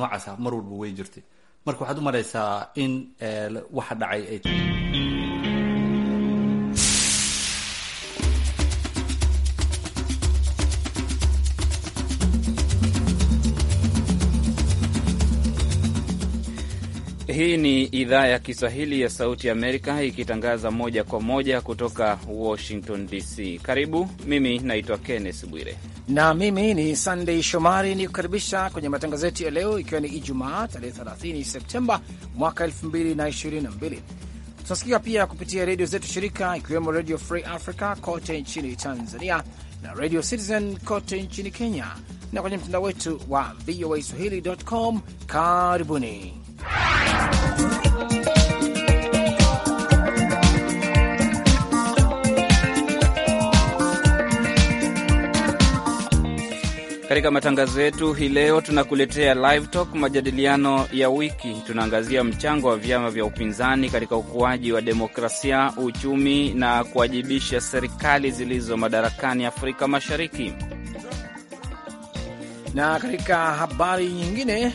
noocaasa mar walba way jirtay marka waxaad u malaysaa in eh, waxa dhacay ay Hii ni idhaa ya Kiswahili ya Sauti Amerika ikitangaza moja kwa moja kutoka Washington DC. Karibu, mimi naitwa Kenneth Bwire na mimi ni Sandey Shomari ni kukaribisha kwenye matangazo yetu ya leo, ikiwa ni Ijumaa tarehe 30 Septemba mwaka 2022. Tunasikika pia kupitia redio zetu shirika ikiwemo Redio Free Africa kote nchini Tanzania na Radio Citizen kote nchini Kenya na kwenye mtandao wetu wa VOA swahili.com. Karibuni. Katika matangazo yetu hii leo tunakuletea live talk, majadiliano ya wiki. Tunaangazia mchango wa vyama vya upinzani katika ukuaji wa demokrasia, uchumi na kuwajibisha serikali zilizo madarakani Afrika Mashariki. Na katika habari nyingine,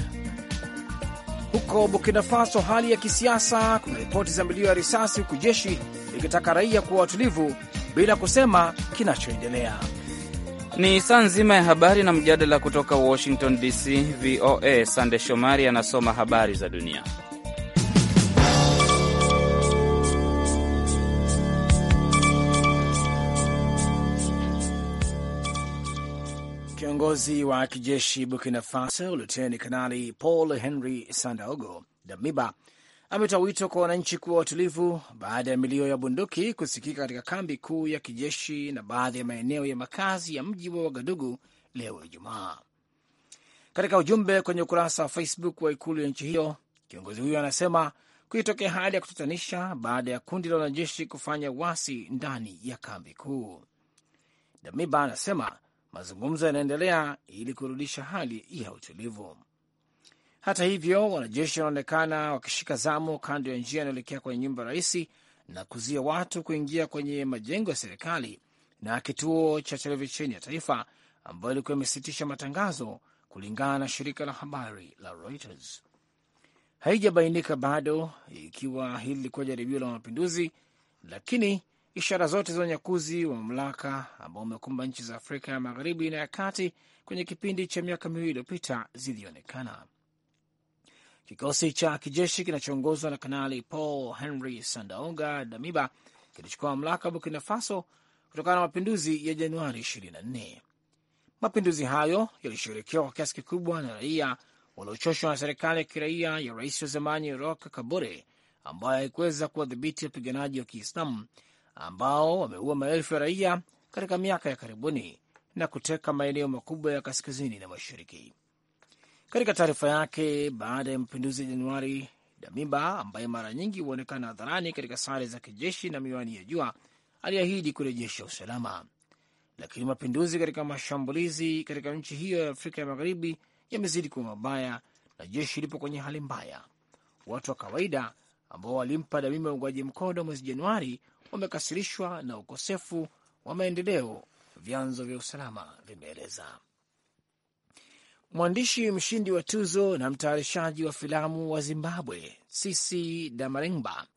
huko Burkina Faso, hali ya kisiasa, kuna ripoti za milio ya risasi, huku jeshi likitaka raia kuwa watulivu bila kusema kinachoendelea. Ni saa nzima ya habari na mjadala kutoka Washington DC. VOA Sande Shomari anasoma habari za dunia. Kiongozi wa kijeshi Burkina Faso Luteni Kanali Paul Henry Sandaogo Damiba ametoa wito kwa wananchi kuwa watulivu baada ya milio ya bunduki kusikika katika kambi kuu ya kijeshi na baadhi ya maeneo ya makazi ya mji wa Wagadugu leo Ijumaa. Katika ujumbe kwenye ukurasa wa Facebook wa ikulu ya nchi hiyo, kiongozi huyo anasema kuitokea hali ya kutatanisha baada ya kundi la wanajeshi kufanya wasi ndani ya kambi kuu. Damiba anasema Mazungumzo yanaendelea ili kurudisha hali ya utulivu. Hata hivyo, wanajeshi wanaonekana wakishika zamu kando ya njia yanaelekea kwenye nyumba ya rais na kuzuia watu kuingia kwenye majengo ya serikali na kituo cha televisheni ya taifa ambayo ilikuwa imesitisha matangazo, kulingana na shirika la habari la Reuters. Haijabainika bado ikiwa hili lilikuwa jaribio la mapinduzi, lakini ishara zote za unyakuzi wa mamlaka ambao umekumba nchi za Afrika ya magharibi na ya kati kwenye kipindi cha miaka miwili iliyopita zilionekana. Kikosi cha kijeshi kinachoongozwa na Kanali Paul Henry Sandaoga Damiba kilichukua mamlaka Burkina Faso kutokana na mapinduzi ya Januari 24. Mapinduzi hayo yalishughulikiwa kwa kiasi kikubwa na raia waliochoshwa na serikali ya kiraia ya rais wa zamani Roch Kabore ambayo haikuweza kuwadhibiti wapiganaji wa Kiislamu ambao wameua maelfu ya raia katika miaka ya karibuni na kuteka maeneo makubwa ya kaskazini na mashariki. Katika taarifa yake baada ya mapinduzi ya Januari, Damiba ambaye mara nyingi huonekana hadharani katika sare za kijeshi na miwani ya jua aliahidi kurejesha usalama, lakini mapinduzi katika mashambulizi katika nchi hiyo ya Afrika ya Magharibi yamezidi kuwa mabaya na jeshi lipo kwenye hali mbaya. Watu wa kawaida ambao walimpa Damiba uungwaji mkono mwezi Januari wamekasirishwa na ukosefu wa maendeleo, vyanzo vya usalama vimeeleza. Mwandishi mshindi wa tuzo na mtayarishaji wa filamu wa Zimbabwe Sisi damarengba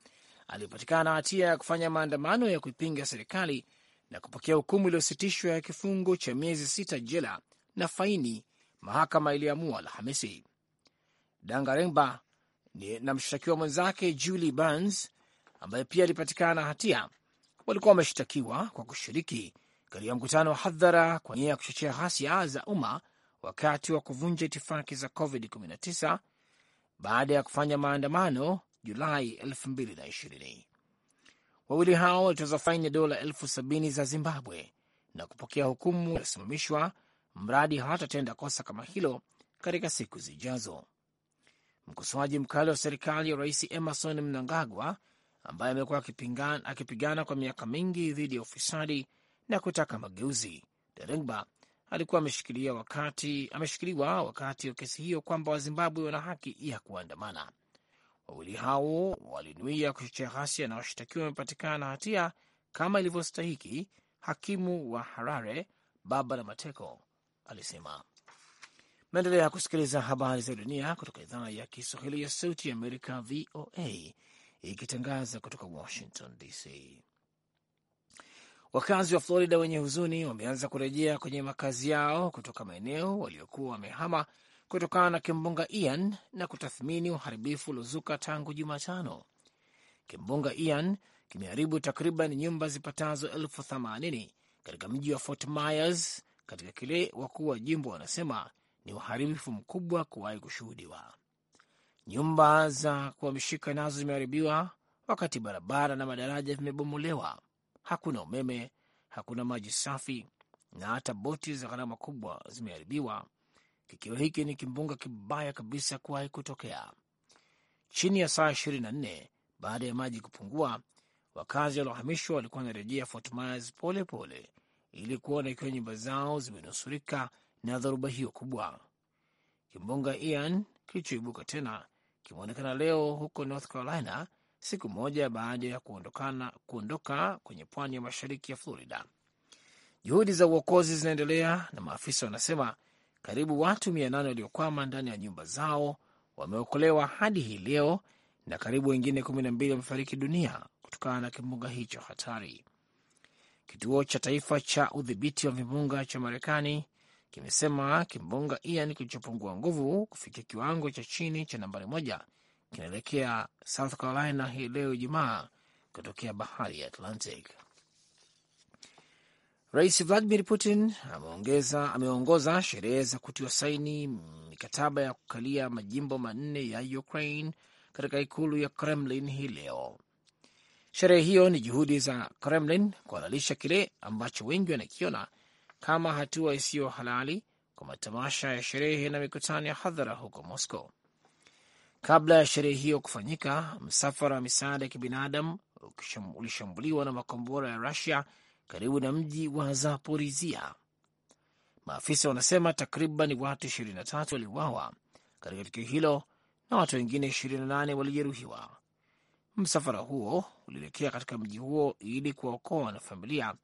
alipatikana na hatia ya kufanya maandamano ya kuipinga serikali na kupokea hukumu iliyositishwa ya kifungo cha miezi sita jela na faini, mahakama iliamua Alhamisi. Dangarengba na mshtakiwa mwenzake Julie Burns ambaye pia alipatikana hatia, walikuwa wameshtakiwa kwa kushiriki katika mkutano wa hadhara kwa nia ya kuchochea ghasia za umma wakati wa kuvunja itifaki za COVID-19 baada ya kufanya maandamano Julai 2020. Wawili hao walitoza faini ya dola elfu sabini za Zimbabwe na kupokea hukumu iliyosimamishwa mradi hawatatenda kosa kama hilo katika siku zijazo. Mkosoaji mkali wa serikali ya rais Emerson Mnangagwa ambaye amekuwa akipigana kwa miaka mingi dhidi ya ufisadi na kutaka mageuzi. Derengba alikuwa ameshikiliwa wakati, ameshikiliwa wakati wa kesi hiyo kwamba Wazimbabwe wana haki ya kuandamana. Wawili hao walinuia kuchochea ghasia na washtakiwa wamepatikana na hatia kama ilivyostahiki, hakimu wa Harare baba la Mateko alisema. Maendelea kusikiliza habari za dunia kutoka idhaa ya Kiswahili ya Sauti ya Amerika, VOA, ikitangaza kutoka Washington DC. Wakazi wa Florida wenye huzuni wameanza kurejea kwenye makazi yao kutoka maeneo waliokuwa wamehama kutokana na kimbunga Ian na kutathmini uharibifu uliozuka tangu Jumatano. Kimbunga Ian kimeharibu takriban nyumba zipatazo elfu themanini katika mji wa Fort Myers katika kile wakuu wa jimbo wanasema ni uharibifu mkubwa kuwahi kushuhudiwa. Nyumba za kuhamishika nazo zimeharibiwa, wakati barabara na madaraja vimebomolewa. Hakuna umeme, hakuna maji safi na hata boti za gharama kubwa zimeharibiwa. kikiwa hiki ni kimbunga kibaya kabisa kuwahi kutokea. Chini ya saa 24 baada ya maji kupungua, wakazi waliohamishwa walikuwa wanarejea Fort Myers pole pole ili kuona ikiwa nyumba zao zimenusurika na dharuba hiyo kubwa. Kimbunga Ian kilichoibuka tena kimeonekana leo huko North Carolina, siku moja baada ya kuondokana kuondoka kwenye pwani ya mashariki ya Florida. Juhudi za uokozi zinaendelea na maafisa wanasema karibu watu mia nane waliokwama ndani ya nyumba zao wameokolewa hadi hii leo na karibu wengine kumi na mbili wamefariki dunia kutokana na kimbunga hicho hatari. Kituo cha taifa cha udhibiti wa vimbunga cha Marekani kimesema kimbunga Ian kilichopungua nguvu kufikia kiwango cha chini cha nambari moja kinaelekea South Carolina hii leo Ijumaa kutokea bahari ya Atlantic. Rais Vladimir Putin ameongoza sherehe za kutiwa saini mikataba ya kukalia majimbo manne ya Ukraine katika ikulu ya Kremlin hii leo. Sherehe hiyo ni juhudi za Kremlin kuhalalisha kile ambacho wengi wanakiona kama hatua isiyo halali kwa matamasha ya sherehe na mikutano ya hadhara huko Moscow. Kabla ya sherehe hiyo kufanyika, msafara wa misaada ya kibinadamu ulishambuliwa na makombora ya Rusia karibu na mji wa Zaporizia. Maafisa wanasema takriban watu 23 waliuawa katika tukio hilo na watu wengine 28 walijeruhiwa. Msafara huo ulielekea katika mji huo ili kuwaokoa wanafamilia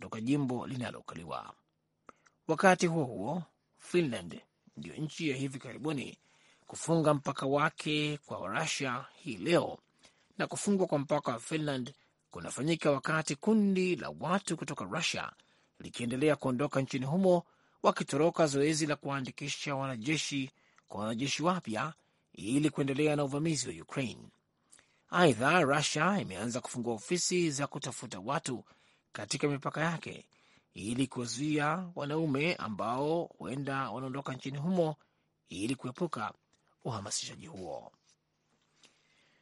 kutoka jimbo linalokaliwa. Wakati huo huo, Finland ndiyo nchi ya hivi karibuni kufunga mpaka wake kwa rasia hii leo, na kufungwa kwa mpaka wa Finland kunafanyika wakati kundi la watu kutoka Rusia likiendelea kuondoka nchini humo wakitoroka zoezi la kuwaandikisha wanajeshi kwa wanajeshi wapya ili kuendelea na uvamizi wa Ukraine. Aidha, Rusia imeanza kufungua ofisi za kutafuta watu katika mipaka yake ili kuwazuia wanaume ambao huenda wanaondoka nchini humo ili kuepuka uhamasishaji huo.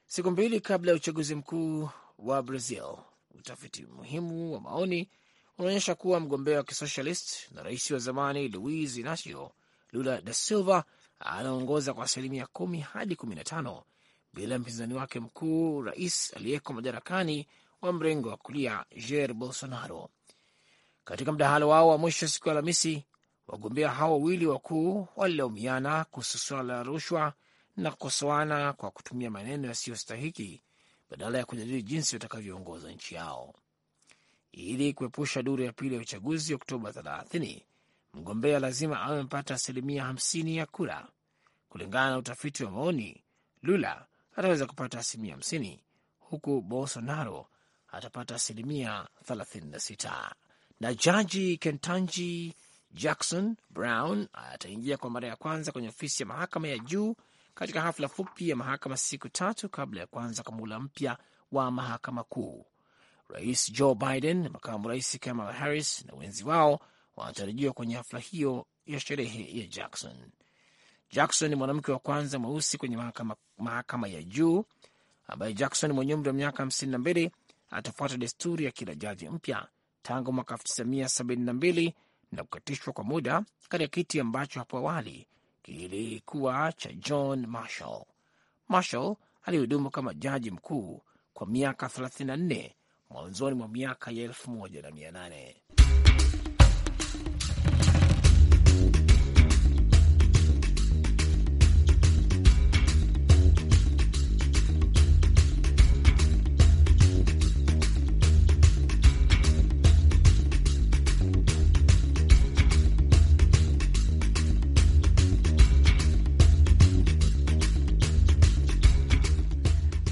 Siku mbili kabla ya uchaguzi mkuu wa Brazil, utafiti muhimu wa maoni unaonyesha kuwa mgombea wa kisosialist na rais wa zamani Luiz Inacio Lula da Silva anaongoza kwa asilimia kumi hadi kumi na tano bila mpinzani wake mkuu rais aliyeko madarakani wa mrengo wa kulia Jair Bolsonaro. Katika mdahalo wao wa mwisho siku ya Alhamisi, wagombea hao wawili wakuu walilaumiana kuhusu suala la rushwa na kukosoana kwa kutumia maneno yasiyostahiki badala ya kujadili jinsi watakavyoongoza nchi yao. Ili kuepusha duru ya pili ya uchaguzi Oktoba 30, mgombea lazima awe amepata asilimia 50 ya kura. Kulingana na utafiti wa maoni, Lula ataweza kupata asilimia 50 huku Bolsonaro atapata asilimia 36 na jaji Kentanji Jackson Brown ataingia kwa mara ya kwanza kwenye ofisi ya mahakama ya juu katika hafla fupi ya mahakama siku tatu kabla ya kuanza kwa muhula mpya wa mahakama kuu. Rais Joe Biden, makamu rais Kamala Harris na wenzi wao wanatarajiwa kwenye hafla hiyo ya sherehe ya Jackson. Jackson ni mwanamke wa kwanza mweusi kwenye mahakama, mahakama ya juu ambaye Jackson mwenye umri wa miaka hamsini na mbili atafuata desturi ya kila jaji mpya tangu mwaka 1972 na kukatishwa kwa muda katika kiti ambacho hapo awali kilikuwa cha John Marshall. Marshall alihudumu kama jaji mkuu kwa miaka 34 mwanzoni mwa miaka ya 1800.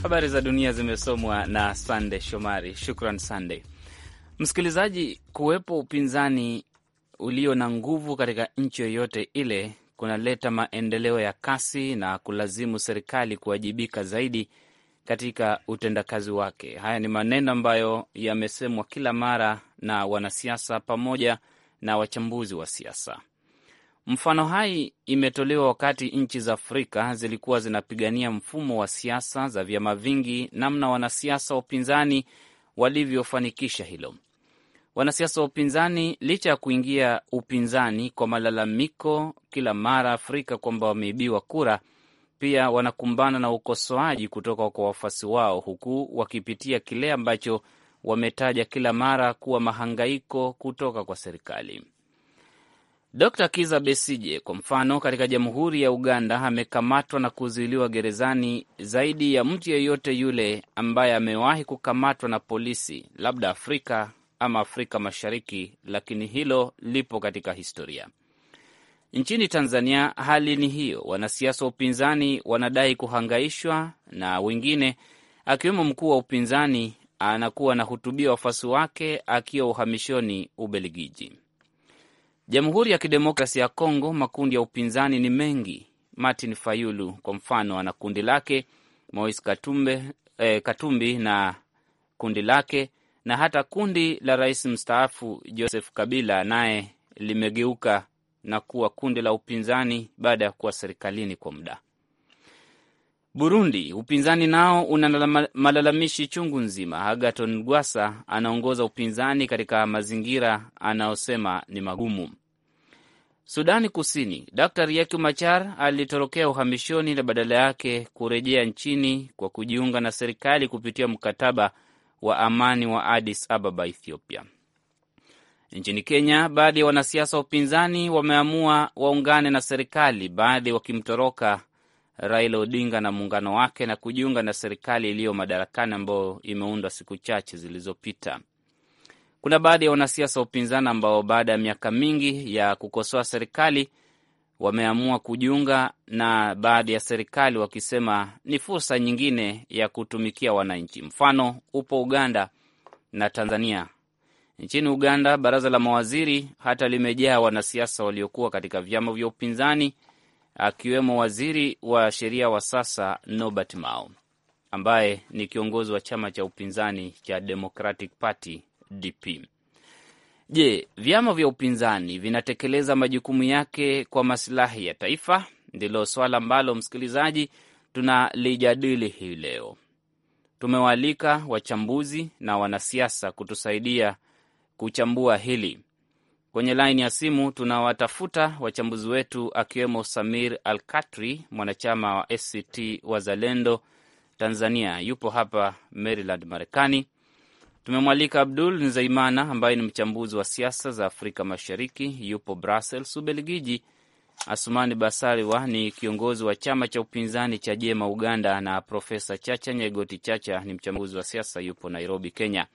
Habari za dunia zimesomwa na Sande Shomari. Shukran Sande. Msikilizaji, kuwepo upinzani ulio na nguvu katika nchi yoyote ile kunaleta maendeleo ya kasi na kulazimu serikali kuwajibika zaidi katika utendakazi wake. Haya ni maneno ambayo yamesemwa kila mara na wanasiasa pamoja na wachambuzi wa siasa. Mfano hai imetolewa wakati nchi za Afrika zilikuwa zinapigania mfumo wa siasa za vyama vingi, namna wanasiasa wa upinzani walivyofanikisha hilo. Wanasiasa wa upinzani, licha ya kuingia upinzani kwa malalamiko kila mara Afrika kwamba wameibiwa kura, pia wanakumbana na ukosoaji kutoka kwa wafuasi wao, huku wakipitia kile ambacho wametaja kila mara kuwa mahangaiko kutoka kwa serikali. Dr Kiza Besije kwa mfano, katika jamhuri ya Uganda amekamatwa na kuzuiliwa gerezani zaidi ya mtu yeyote yule ambaye amewahi kukamatwa na polisi, labda Afrika ama Afrika Mashariki, lakini hilo lipo katika historia. Nchini Tanzania hali ni hiyo, wanasiasa wa upinzani wanadai kuhangaishwa na wengine, akiwemo mkuu wa upinzani anakuwa anahutubia wafuasi wake akiwa uhamishoni Ubelgiji. Jamhuri ya Kidemokrasi ya Kongo, makundi ya upinzani ni mengi. Martin Fayulu kwa mfano ana kundi lake, Moise Katumbe, eh, Katumbi na kundi lake, na hata kundi la rais mstaafu Joseph Kabila naye limegeuka na kuwa kundi la upinzani baada ya kuwa serikalini kwa muda. Burundi, upinzani nao una malalamishi chungu nzima. Agaton Gwasa anaongoza upinzani katika mazingira anayosema ni magumu. Sudani Kusini, Dr Riek Machar alitorokea uhamishoni na badala yake kurejea nchini kwa kujiunga na serikali kupitia mkataba wa amani wa Addis Ababa, Ethiopia. Nchini Kenya, baadhi ya wanasiasa wa upinzani wameamua waungane na serikali, baadhi wakimtoroka Raila Odinga na muungano wake na kujiunga na serikali iliyo madarakani ambayo imeundwa siku chache zilizopita. Kuna baadhi ya wanasiasa wa upinzani ambao baada ya miaka mingi ya kukosoa serikali wameamua kujiunga na baadhi ya serikali, wakisema ni fursa nyingine ya kutumikia wananchi. Mfano upo Uganda na Tanzania. Nchini Uganda, baraza la mawaziri hata limejaa wanasiasa waliokuwa katika vyama vya upinzani akiwemo waziri wa sheria wa sasa Norbert Mao ambaye ni kiongozi wa chama cha upinzani cha Democratic Party DP. Je, vyama vya upinzani vinatekeleza majukumu yake kwa masilahi ya taifa? Ndilo swala ambalo msikilizaji, tunalijadili hii leo. Tumewaalika wachambuzi na wanasiasa kutusaidia kuchambua hili. Kwenye laini ya simu tunawatafuta wachambuzi wetu akiwemo Samir al katri mwanachama wa ACT Wazalendo Tanzania, yupo hapa Maryland, Marekani. Tumemwalika Abdul Nzaimana ambaye ni mchambuzi wa siasa za Afrika Mashariki, yupo Brussels, Ubelgiji. Asumani Basariwa ni kiongozi wa chama cha upinzani cha Jema Uganda, na Profesa Chacha Nyegoti Chacha ni mchambuzi wa siasa, yupo Nairobi, Kenya.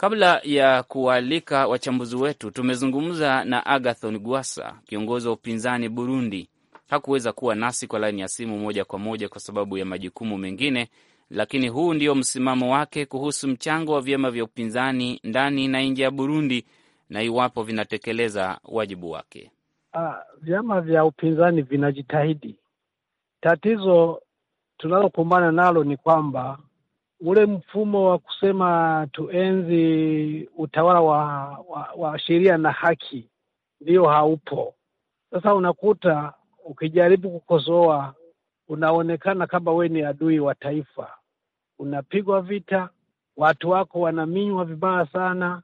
Kabla ya kuwaalika wachambuzi wetu, tumezungumza na Agathon Gwasa, kiongozi wa upinzani Burundi. Hakuweza kuwa nasi kwa laini ya simu moja kwa moja kwa sababu ya majukumu mengine, lakini huu ndio msimamo wake kuhusu mchango wa vyama vya upinzani ndani na nje ya Burundi na iwapo vinatekeleza wajibu wake. Ah, vyama vya upinzani vinajitahidi. Tatizo tunalokumbana nalo ni kwamba ule mfumo wa kusema tuenzi utawala wa, wa, wa sheria na haki ndiyo haupo. Sasa unakuta ukijaribu kukosoa unaonekana kama wewe ni adui wa taifa, unapigwa vita, watu wako wanaminywa vibaya sana.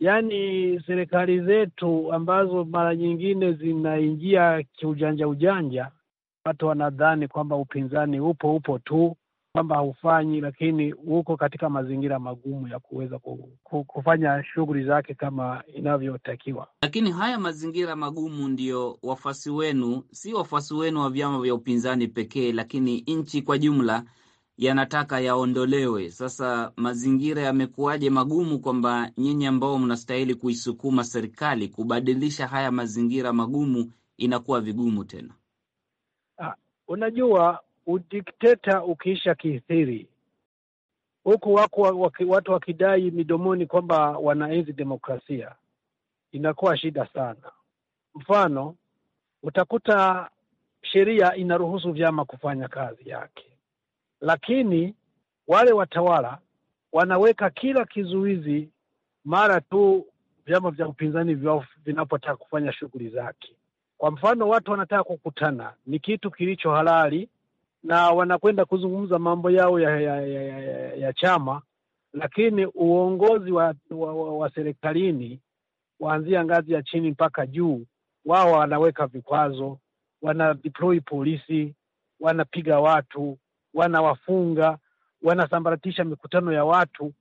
Yaani serikali zetu ambazo mara nyingine zinaingia kiujanja ujanja, watu wanadhani kwamba upinzani upo upo tu kwamba haufanyi, lakini uko katika mazingira magumu ya kuweza kufanya shughuli zake kama inavyotakiwa. Lakini haya mazingira magumu ndiyo wafuasi wenu, si wafuasi wenu wa vyama vya upinzani pekee, lakini nchi kwa jumla yanataka yaondolewe. Sasa mazingira yamekuwaje magumu kwamba nyinyi ambao mnastahili kuisukuma serikali kubadilisha haya mazingira magumu inakuwa vigumu tena? Ha, ah, unajua udikteta ukiisha kithiri, huku wako watu wakidai midomoni kwamba wanaenzi demokrasia, inakuwa shida sana. Mfano, utakuta sheria inaruhusu vyama kufanya kazi yake, lakini wale watawala wanaweka kila kizuizi mara tu vyama vya upinzani vinapotaka kufanya shughuli zake. Kwa mfano, watu wanataka kukutana, ni kitu kilicho halali na wanakwenda kuzungumza mambo yao ya, ya, ya, ya, ya, chama, lakini uongozi wa, wa, wa, wa serikalini waanzia ngazi ya chini mpaka juu, wao wanaweka vikwazo, wana deploy polisi, wanapiga watu, wanawafunga, wanasambaratisha mikutano ya watu,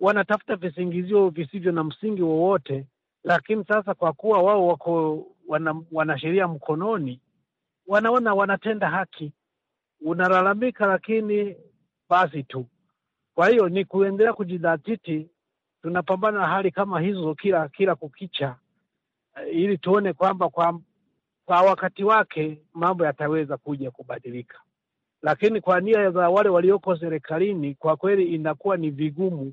wanatafuta visingizio visivyo na msingi wowote. Lakini sasa kwa kuwa wao wako wana, wana sheria mkononi, wanaona wanatenda haki unalalamika, lakini basi tu. Kwa hiyo ni kuendelea kujidhatiti, tunapambana na hali kama hizo kila kila kukicha, eh, ili tuone kwamba kwa, kwa wakati wake mambo yataweza kuja kubadilika, lakini kwa nia za wale walioko serikalini, kwa kweli inakuwa ni vigumu,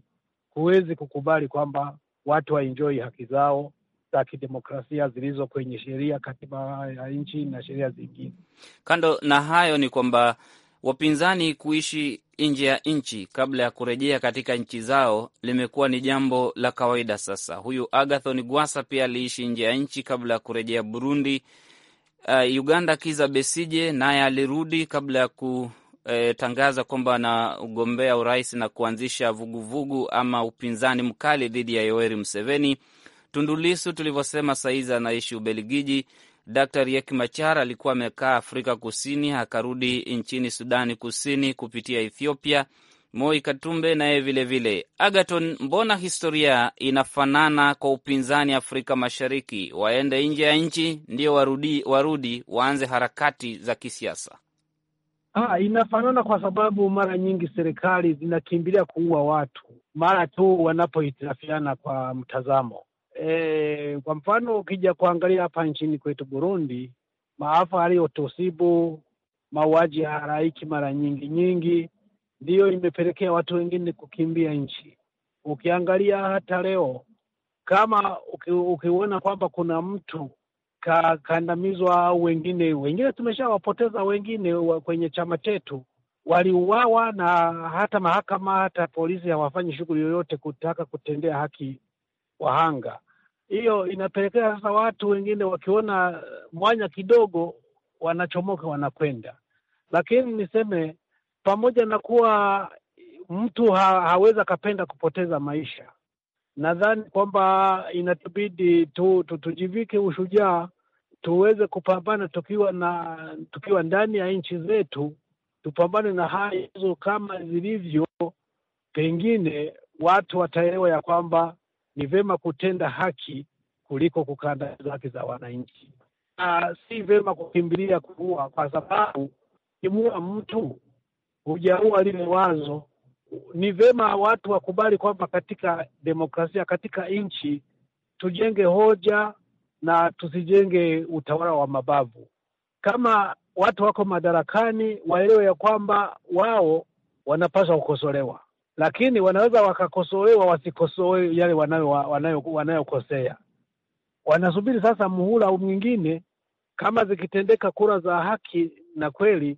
huwezi kukubali kwamba watu waenjoy haki zao za kidemokrasia zilizo kwenye sheria, katiba ya nchi na sheria zingine. Kando na hayo, ni kwamba wapinzani kuishi nje ya nchi kabla ya kurejea katika nchi zao limekuwa ni jambo la kawaida sasa. Huyu Agathon Gwasa pia aliishi nje ya nchi kabla ya kurejea Burundi. Uh, Uganda Kiza Besije naye alirudi kabla ya kutangaza eh, kwamba anagombea urais na kuanzisha vuguvugu vugu ama upinzani mkali dhidi ya Yoweri Museveni. Tundulisu tulivyosema, saizi anaishi Ubelgiji. Dr Riek Machar alikuwa amekaa Afrika Kusini, akarudi nchini Sudani Kusini kupitia Ethiopia. Moi Katumbe naye vilevile. Agaton, mbona historia inafanana kwa upinzani Afrika Mashariki? Waende nje ya nchi ndio warudi, warudi waanze harakati za kisiasa. Ah, inafanana kwa sababu mara nyingi serikali zinakimbilia kuua watu mara tu wanapohitirafiana kwa mtazamo e, kwa mfano ukija kuangalia hapa nchini kwetu Burundi, maafa yaliyotusibu, mauaji ya halaiki mara nyingi nyingi ndiyo imepelekea watu wengine kukimbia nchi. Ukiangalia hata leo kama uki, ukiona kwamba kuna mtu ka, kandamizwa au wengine wengine tumeshawapoteza wengine wa, kwenye chama chetu waliuawa, na hata mahakama hata polisi hawafanyi shughuli yoyote kutaka kutendea haki wahanga hiyo inapelekea sasa watu wengine wakiona eh, mwanya kidogo wanachomoka wanakwenda. Lakini niseme pamoja na kuwa mtu ha, hawezi akapenda kupoteza maisha, nadhani kwamba inatubidi tu, tu, tujivike ushujaa tuweze kupambana tukiwa na tukiwa ndani ya nchi zetu, tupambane na haya hizo kama zilivyo. Pengine watu wataelewa ya kwamba ni vema kutenda haki kuliko kukandamiza haki za wananchi, na si vema kukimbilia kuua, kwa sababu kimua mtu hujaua lile wazo. Ni vema watu wakubali kwamba katika demokrasia, katika nchi tujenge hoja na tusijenge utawala wa mabavu. Kama watu wako madarakani, waelewe ya kwamba wao wanapaswa kukosolewa, lakini wanaweza wakakosolewa wasikosoe yale wanayokosea wanayo, wanayo wanasubiri sasa muhula mwingine. Kama zikitendeka kura za haki na kweli,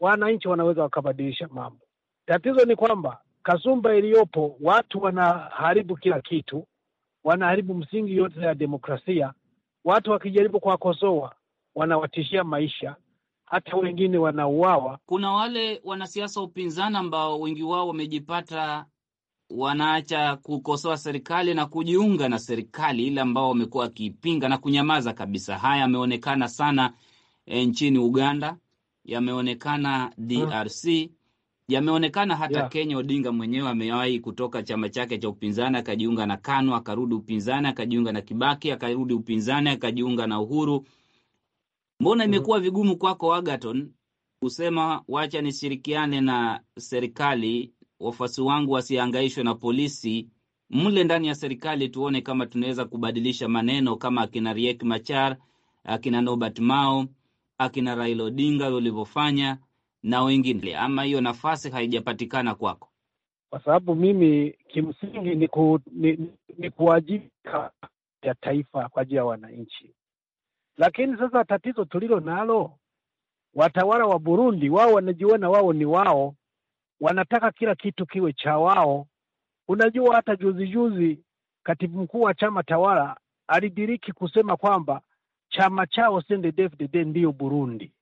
wananchi wanaweza wakabadilisha mambo. Tatizo ni kwamba kasumba iliyopo, watu wanaharibu kila kitu, wanaharibu msingi yote ya demokrasia. Watu wakijaribu kuwakosoa wanawatishia maisha, hata wengine wanauawa. Kuna wale wanasiasa wa upinzani ambao wengi wao wamejipata wanaacha kukosoa serikali na kujiunga na serikali ile ambao wamekuwa wakiipinga na kunyamaza kabisa. Haya yameonekana sana e, nchini Uganda, yameonekana hmm. DRC, yameonekana hata yeah, Kenya. Odinga mwenyewe amewahi kutoka chama chake cha upinzani akajiunga na KANU, akarudi upinzani, akajiunga na Kibaki, akarudi upinzani, akajiunga na Uhuru Mbona mm. imekuwa vigumu kwako Agaton kusema wacha nishirikiane na serikali, wafuasi wangu wasiangaishwe na polisi? Mle ndani ya serikali tuone kama tunaweza kubadilisha maneno kama akina Riek Machar, akina Norbert Mao, akina Raila Odinga walivyofanya na wengine, ama hiyo nafasi haijapatikana kwako? Kwa sababu mimi kimsingi ni, ku, ni, ni kuwajibika ya taifa kwa ajili ya wananchi lakini sasa tatizo tulilo nalo, watawala wa Burundi wao wanajiona wao ni wao, wanataka kila kitu kiwe cha wao. Unajua, hata juzi juzi katibu mkuu wa chama tawala alidiriki kusema kwamba chama chao CNDD-FDD ndiyo Burundi,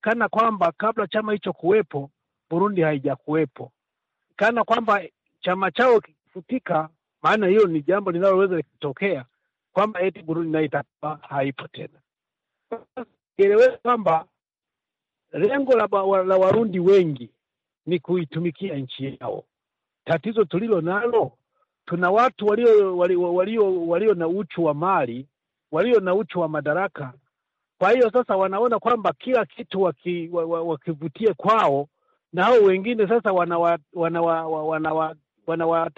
kana kwamba kabla chama hicho kuwepo Burundi haijakuwepo, kana kwamba chama chao kifutika, maana hiyo ni jambo linaloweza likitokea kwamba eti Burundi nayo itakuwa haipo tena kieleweke kwamba lengo la, la Warundi wengi ni kuitumikia nchi yao. Tatizo tulilo nalo, tuna watu walio walio walio, walio na uchu wa mali, walio na uchu wa madaraka. Kwa hiyo sasa wanaona kwamba kila kitu waki, wakivutie kwao, na hao wengine sasa wanawatambulisha wanawa, wanawa, wanawa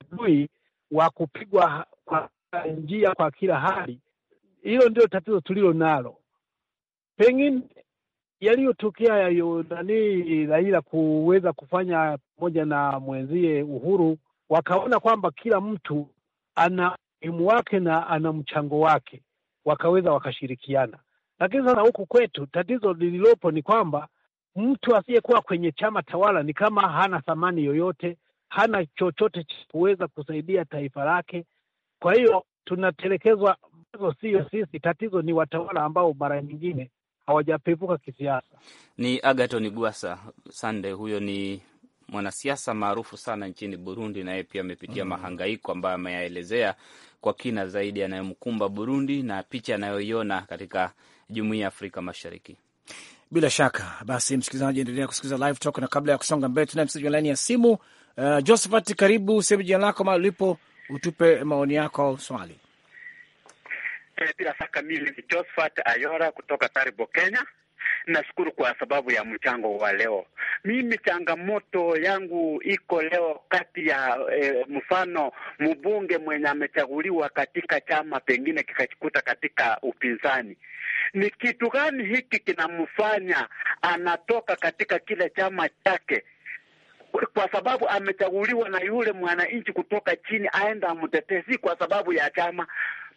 adui wa kupigwa kwa njia kwa kila hali hilo ndio tatizo tulilo nalo. Pengine yaliyotokea yayo nani Raila kuweza kufanya pamoja na mwenzie Uhuru, wakaona kwamba kila mtu ana umuhimu wake na ana mchango wake, wakaweza wakashirikiana. Lakini sasa huku kwetu tatizo lililopo ni kwamba mtu asiyekuwa kwenye chama tawala ni kama hana thamani yoyote, hana chochote cha kuweza kusaidia taifa lake. Kwa hiyo tunatelekezwa Tatizo siyo sisi, tatizo ni watawala ambao mara nyingine hawajapevuka kisiasa. Ni Agaton Gwasa Sande, huyo ni mwanasiasa maarufu sana nchini Burundi, naye pia amepitia mm -hmm. mahangaiko ambayo ameyaelezea kwa kina zaidi yanayomkumba Burundi na picha anayoiona katika jumuiya ya Afrika Mashariki. Bila shaka basi, msikilizaji, endelea kusikiliza Live Talk, na kabla ya kusonga mbele, tunaye msikilizaji wa laini ya simu. Uh, Josephat, karibu, sema jina lako, mahali ulipo, utupe maoni yako au swali eh, bila shaka mimi ni Josephat Ayora kutoka Taribo, Kenya. Nashukuru kwa sababu ya mchango wa leo. Mimi changamoto yangu iko leo kati ya e, mfano mbunge mwenye amechaguliwa katika chama pengine kikachikuta katika upinzani, ni kitu gani hiki kinamfanya anatoka katika kile chama chake kwa sababu amechaguliwa na yule mwananchi kutoka chini aenda amtetezi kwa sababu ya chama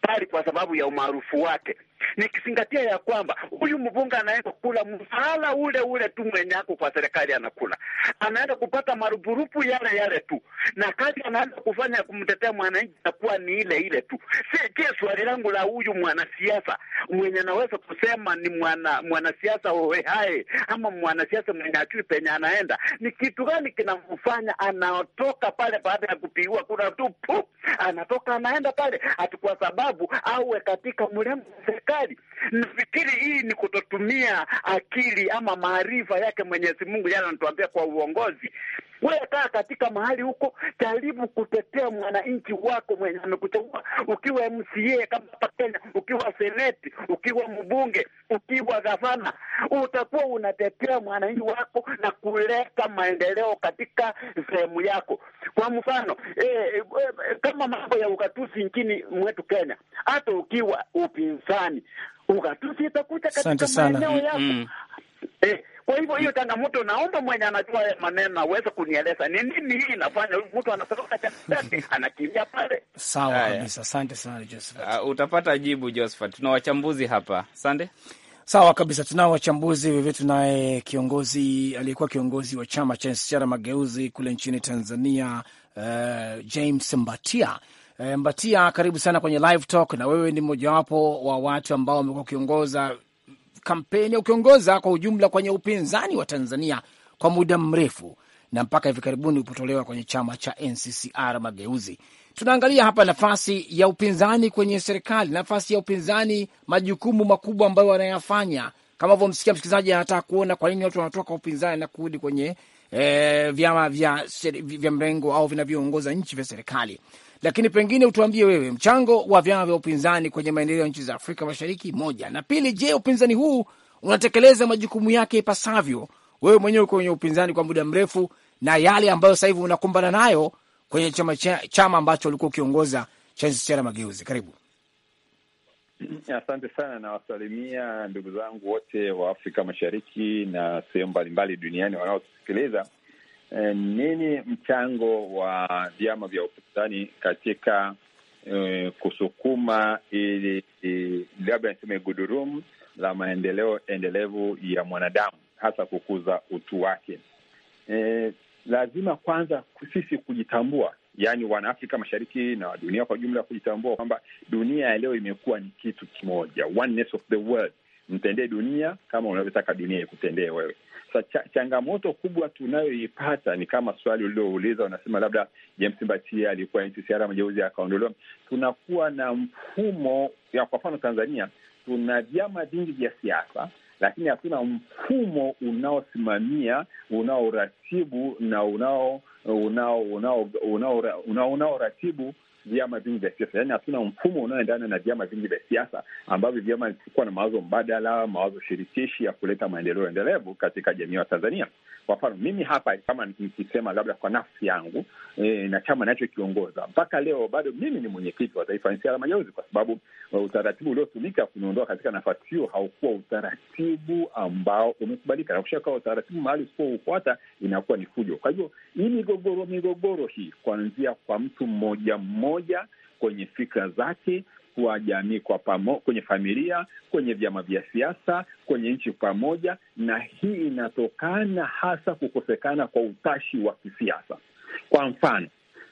daktari kwa sababu ya umaarufu wake nikizingatia ya kwamba huyu mbunge anaenda kula msaala ule ule tu mwenye ako kwa serikali anakula, anaenda kupata marupurupu yale yale tu, na kazi anaenda kufanya ya kumtetea mwananchi inakuwa ni ile ile tu. Je, swali langu la huyu mwanasiasa mwenye anaweza kusema ni mwana mwanasiasa hohe hai ama mwanasiasa mwenye akili penye anaenda, ni kitu gani kinamfanya anatoka pale baada ya kupigiwa kura tu, anatoka anaenda pale, ati kwa sababu awe katika mrengo serikali. Nafikiri hii ni kutotumia akili ama maarifa yake Mwenyezi Mungu, yale anatuambia kwa uongozi. Wewe kaa katika mahali huko, jaribu kutetea mwananchi wako mwenye amekuchagua, ukiwa MCA kama hapa Kenya, ukiwa seneti, ukiwa mbunge, ukiwa gavana, utakuwa unatetea mwananchi wako na kuleta maendeleo katika sehemu yako. Kwa mfano eh, eh, eh kama mambo ya ugatuzi nchini mwetu Kenya, hata ukiwa upinzani nini, ugatusi itakuja katika maeneo yako mm eh, kwa hivyo hiyo changamoto, naomba mwenye anajua maneno aweze kunieleza ni nini hii inafanya huyu mtu anasoroka chake anakimbia pale. Sawa kabisa, asante sana Josephat. Uh, utapata jibu Josephat, tuna wachambuzi hapa. Asante. Sawa kabisa, tunao wachambuzi vivyo. Tunaye kiongozi aliyekuwa kiongozi wa chama cha NCCR Mageuzi kule nchini Tanzania, uh, James Mbatia E, Mbatia, karibu sana kwenye Live Talk, na wewe ni mmojawapo wa watu ambao wamekuwa ukiongoza kampeni, ukiongoza kwa ujumla kwenye upinzani wa Tanzania kwa muda mrefu na mpaka hivi karibuni upotolewa kwenye chama cha NCCR Mageuzi. Tunaangalia hapa nafasi ya upinzani kwenye serikali, nafasi ya upinzani, majukumu makubwa ambayo wanayafanya. Kama vyomsikia msikilizaji, anataka kuona kwa nini watu wanatoka upinzani na kurudi kwenye eh, vyama vya, vya mrengo au vinavyoongoza nchi vya serikali lakini pengine utuambie wewe mchango wa vyama vya upinzani kwenye maendeleo ya nchi za Afrika Mashariki, moja na pili, je, upinzani huu unatekeleza majukumu yake ipasavyo? Wewe mwenyewe uko kwenye upinzani kwa muda mrefu, na yale ambayo sasa hivi unakumbana nayo kwenye chama, chama ambacho ulikuwa ukiongoza cha NCCR Mageuzi. Karibu. Asante sana, nawasalimia ndugu zangu wote wa Afrika Mashariki na sehemu mbalimbali duniani wanaotusikiliza. Eh, nini mchango wa vyama vya upinzani katika eh, kusukuma ili eh, labda niseme gudurumu la maendeleo endelevu ya mwanadamu hasa kukuza utu wake. Eh, lazima kwanza sisi kujitambua, yaani wanaafrika Mashariki na dunia kwa jumla, kujitambua kwamba dunia ya leo imekuwa ni kitu kimoja, oneness of the world, mtendee dunia kama unavyotaka dunia ikutendee wewe. Sa changamoto kubwa tunayoipata ni kama swali ulilouliza, unasema labda James Mbatia alikuwa NCCR majeuzi akaondolewa. Tunakuwa na mfumo ya, kwa mfano Tanzania tuna vyama vingi vya siasa lakini hatuna mfumo unaosimamia unaoratibu na unao unaoratibu vyama vingi vya siasa, yaani hatuna mfumo unaoendana na vyama vingi vya siasa ambavyo vyama vikuwa na mawazo mbadala, mawazo shirikishi ya kuleta maendeleo endelevu katika jamii ya Tanzania. Kwa mfano mimi hapa kama nikisema labda kwa nafsi yangu e, na chama inachokiongoza mpaka leo bado mimi ni mwenyekiti wa Taifa NCCR Mageuzi, kwa sababu e, utaratibu uliotumika kuniondoa katika nafasi hiyo haukuwa utaratibu ambao umekubalika, na kushakawa utaratibu mahali usipoufuata inakuwa ni fujo. Kwa hivyo hii migogoro migogoro hii kuanzia kwa mtu mmoja mmoja kwenye fikra zake kuwa jamii kwa pamo, kwenye familia, kwenye vyama vya siasa, kwenye nchi pamoja, na hii inatokana hasa kukosekana kwa utashi wa kisiasa. Kwa mfano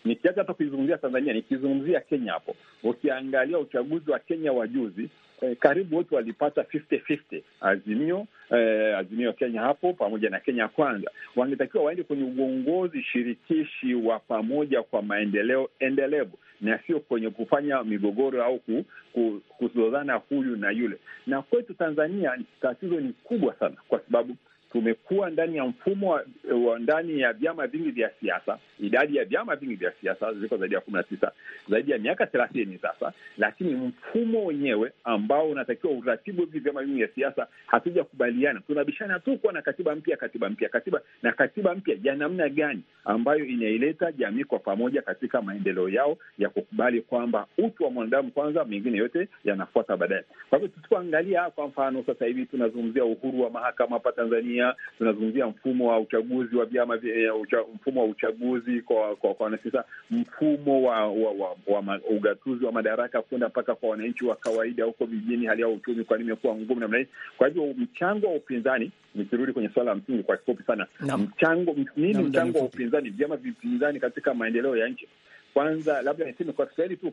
nikiacha hata kuizungumzia Tanzania, nikizungumzia Kenya hapo, ukiangalia uchaguzi wa Kenya wa juzi, eh, karibu wote walipata 50-50 Azimio eh, Azimio Kenya hapo pamoja na Kenya Kwanza. Wangetakiwa waende kwenye uongozi shirikishi wa pamoja kwa maendeleo endelevu na sio kwenye kufanya migogoro au ku, ku, kuzozana huyu na yule. Na kwetu Tanzania tatizo ni kubwa sana, kwa sababu tumekuwa ndani ya mfumo wa, wa ndani ya vyama vingi vya siasa. Idadi ya vyama vingi vya siasa ziko zaidi ya kumi na tisa, zaidi ya miaka thelathini sasa, lakini mfumo wenyewe ambao unatakiwa uratibu hivi vyama vingi vya siasa hatujakubaliana, tunabishana tu kuwa na katiba mpya, katiba mpya, katiba na katiba mpya ya namna gani ambayo inaileta jamii kwa pamoja katika maendeleo yao ya kukubali kwamba utu wa mwanadamu kwanza, mengine yote yanafuata baadaye. Kwa hivyo tukiangalia, kwa mfano sasa hivi tunazungumzia uhuru wa mahakama hapa Tanzania Tanzania, tunazungumzia mfumo wa uchaguzi wa vyama vya eh, ucha, mfumo wa uchaguzi kwa kwa wanasiasa, mfumo wa, wa, wa, wa, wa ugatuzi wa madaraka kwenda mpaka kwa wananchi wa kawaida huko vijijini, hali ya uchumi kwani imekuwa ngumu namna hii. Kwa hivyo mchango wa upinzani, nikirudi kwenye swala la msingi kwa kifupi sana, mchango nini, mchango wa upinzani, vyama vipinzani katika maendeleo ya nchi kwanza labda niseme kwa Kiswahili tu,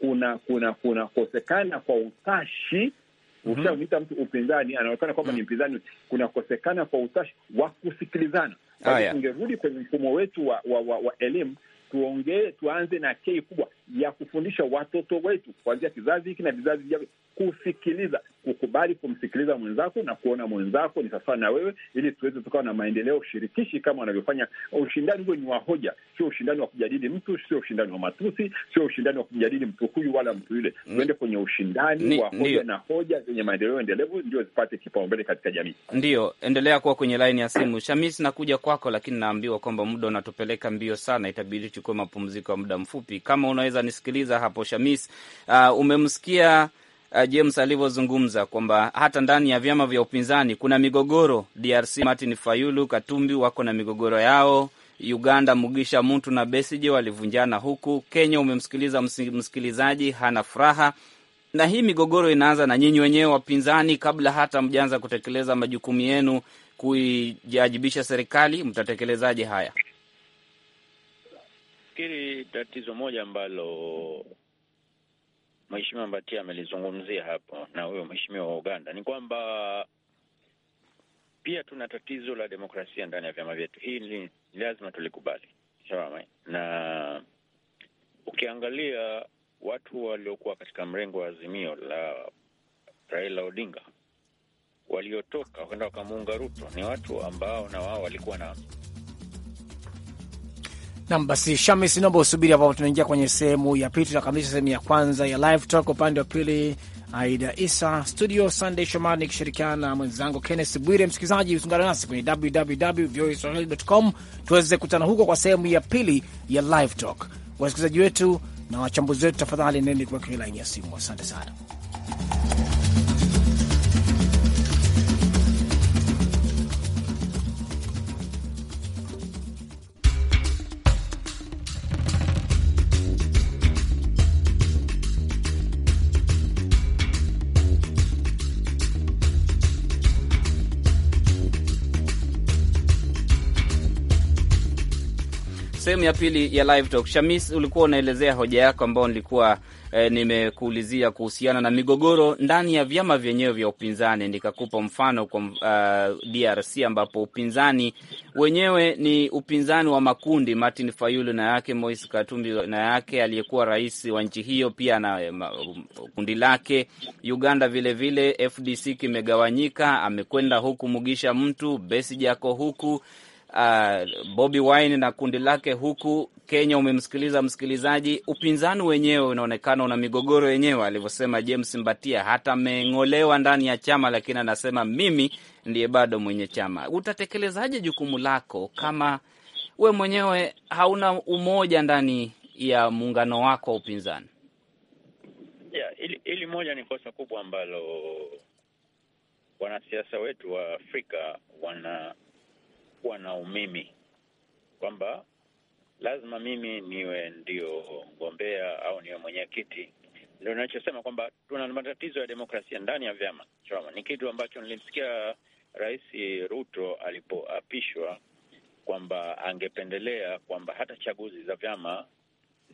kuna kuna kunakosekana kwa utashi Mm-hmm. Ukishamuita mtu upinzani, anaonekana kwamba ni mm. mpinzani, kunakosekana kwa utashi wa kusikilizana. Tungerudi kwenye mfumo wetu wa, wa, wa, wa elimu tuongee, tuanze na kei kubwa ya kufundisha watoto wetu kuanzia kizazi hiki na vizazi vijavyo, kusikiliza, kukubali kumsikiliza mwenzako na kuona mwenzako ni sawasawa na wewe, ili tuweze tukawa na maendeleo shirikishi kama wanavyofanya. Ushindani huo ni wa hoja, sio ushindani wa kujadili mtu, sio ushindani wa matusi, sio ushindani wa kumjadili mtu huyu wala mtu yule. Mm. Tuende kwenye ushindani ni, wa hoja ndiyo, na hoja zenye maendeleo endelevu ndio zipate kipaumbele katika jamii. Ndiyo, endelea kuwa kwenye laini ya simu. Shamis, nakuja kwako, lakini naambiwa kwamba muda unatupeleka mbio sana, itabidi tuchukue mapumziko ya muda mfupi. Kama unaweza unazanisikiliza hapo, Shamis, uh, umemsikia uh, James alivyozungumza kwamba hata ndani ya vyama vya upinzani kuna migogoro DRC. Martin Fayulu, Katumbi wako na migogoro yao. Uganda, Mugisha Muntu na Besije walivunjana huku. Kenya, umemsikiliza msikilizaji, hana furaha na hii migogoro inaanza na nyinyi wenyewe wapinzani, kabla hata mjaanza kutekeleza majukumu yenu kuiajibisha serikali, mtatekelezaje haya? Nafikiri tatizo moja ambalo Mheshimiwa Mbatia amelizungumzia hapo na huyo mheshimiwa wa Uganda ni kwamba pia tuna tatizo la demokrasia ndani ya vyama vyetu. Hili lazima tulikubali, sawa. Na ukiangalia watu waliokuwa katika mrengo wa Azimio la Raila Odinga waliotoka wakaenda wakamuunga Ruto ni watu ambao na wao walikuwa na Nam basi, Shamis, naomba usubiri hapo, tunaingia kwenye sehemu ya pili. Tunakamilisha sehemu ya kwanza ya Live Talk, upande wa pili Aida Isa studio, Sunday Shomani ikishirikiana na mwenzangu Kenneth Bwire. Msikilizaji, usungana nasi kwenye www.voaswahili.com tuweze kukutana huko kwa sehemu ya pili ya Live Talk. Wasikilizaji wetu na wachambuzi wetu, tafadhali neni kwa laini ya simu. Asante sana. sehemu ya pili ya live talk. Shamis, ulikuwa unaelezea hoja yako ambayo nilikuwa eh, nimekuulizia kuhusiana na migogoro ndani ya vyama vyenyewe vya upinzani. Nikakupa mfano kwa uh, eh, DRC ambapo upinzani wenyewe ni upinzani wa makundi. Martin Fayulu na yake, Moise Katumbi na yake, aliyekuwa rais wa nchi hiyo pia na eh, um, kundi lake. Uganda vilevile vile, FDC kimegawanyika, amekwenda huku Mugisha mtu jako huku uh, Bobi Wine na kundi lake huku Kenya. Umemsikiliza msikilizaji, upinzani wenyewe unaonekana una migogoro yenyewe, alivyosema James Mbatia. Hata ameng'olewa ndani ya chama, lakini anasema mimi ndiye bado mwenye chama. Utatekelezaje jukumu lako kama we mwenyewe hauna umoja ndani ya muungano wako wa upinzani? Yeah, ili, ili moja ni kosa kubwa ambalo wanasiasa wetu wa Afrika wana kuwa na umimi kwamba lazima mimi niwe ndio mgombea au niwe mwenyekiti. Ndio ninachosema kwamba tuna matatizo ya demokrasia ndani ya vyama chama. Ni kitu ambacho nilimsikia Rais Ruto alipoapishwa kwamba angependelea kwamba hata chaguzi za vyama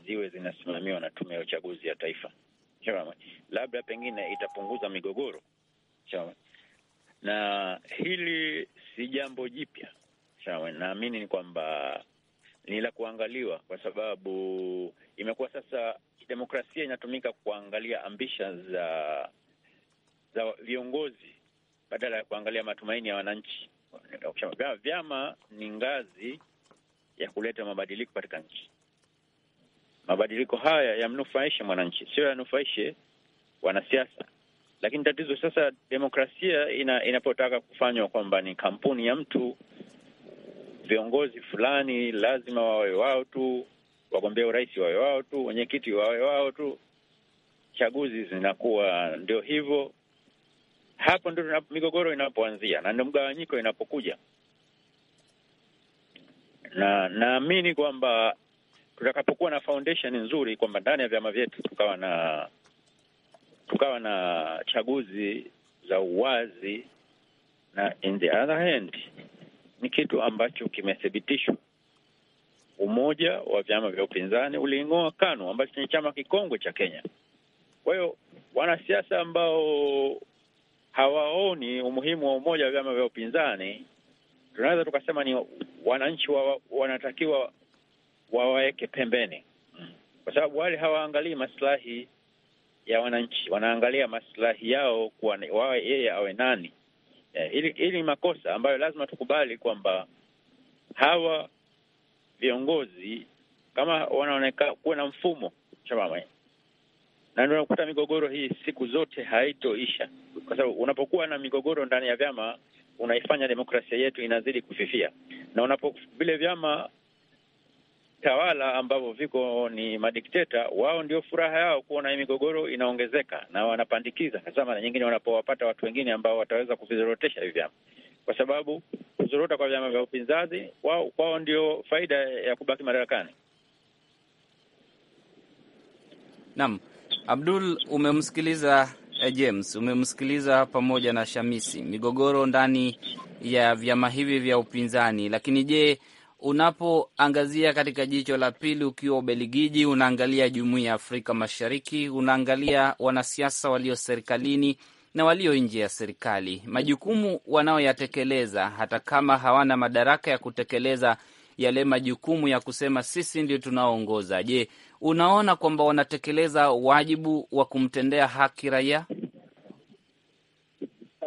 ziwe zinasimamiwa na tume ya uchaguzi ya taifa chama. Labda pengine itapunguza migogoro chama, na hili si jambo jipya sawa, naamini ni kwamba ni la kuangaliwa, kwa sababu imekuwa sasa demokrasia inatumika kuangalia ambisha za za viongozi badala ya kuangalia matumaini ya wananchi. Vyama ni ngazi ya kuleta mabadiliko katika nchi. Mabadiliko haya yamnufaishe mwananchi, sio yanufaishe wanasiasa. Lakini tatizo sasa, demokrasia ina- inapotaka kufanywa kwamba ni kampuni ya mtu viongozi fulani lazima wawe wao tu, wagombea urais wawe wao tu, wenyekiti wawe wao tu, chaguzi zinakuwa ndio hivyo. Hapo ndio migogoro inapoanzia na ndio mgawanyiko inapokuja, na naamini kwamba tutakapokuwa na foundation nzuri, kwamba ndani ya vyama vyetu tukawa na tukawa na chaguzi za uwazi na in the other hand ni kitu ambacho kimethibitishwa. Umoja wa vyama vya upinzani uliing'oa KANU ambacho ni chama kikongwe cha Kenya. Kwa hiyo wanasiasa ambao hawaoni umuhimu wa umoja wa vyama vya upinzani, tunaweza tukasema ni wananchi wa, wanatakiwa wawaweke pembeni, kwa sababu wale hawaangalii maslahi ya wananchi, wanaangalia maslahi yao kuwa yeye awe nani Hili eh, ni makosa ambayo lazima tukubali kwamba hawa viongozi kama wanaonekana kuwa na mfumo chama, na ndio unakuta migogoro hii siku zote haitoisha, kwa sababu unapokuwa na migogoro ndani ya vyama unaifanya demokrasia yetu inazidi kufifia, na unapo vile vyama tawala ambavyo viko ni madikteta, wao ndio furaha yao kuona hii migogoro inaongezeka, na wanapandikiza nasama, na nyingine wanapowapata watu wengine ambao wataweza kuvizorotesha hivi vyama, kwa sababu kuzorota kwa vyama vya upinzani wao kwao ndio faida ya kubaki madarakani. Naam, Abdul, umemsikiliza eh, James, umemsikiliza pamoja na Shamisi, migogoro ndani ya vyama hivi vya upinzani, lakini je unapoangazia katika jicho la pili, ukiwa Ubeligiji, unaangalia jumuiya ya Afrika Mashariki, unaangalia wanasiasa walio serikalini na walio nje ya serikali, majukumu wanaoyatekeleza, hata kama hawana madaraka ya kutekeleza yale majukumu ya kusema sisi ndio tunaoongoza. Je, unaona kwamba wanatekeleza wajibu wa kumtendea haki raia?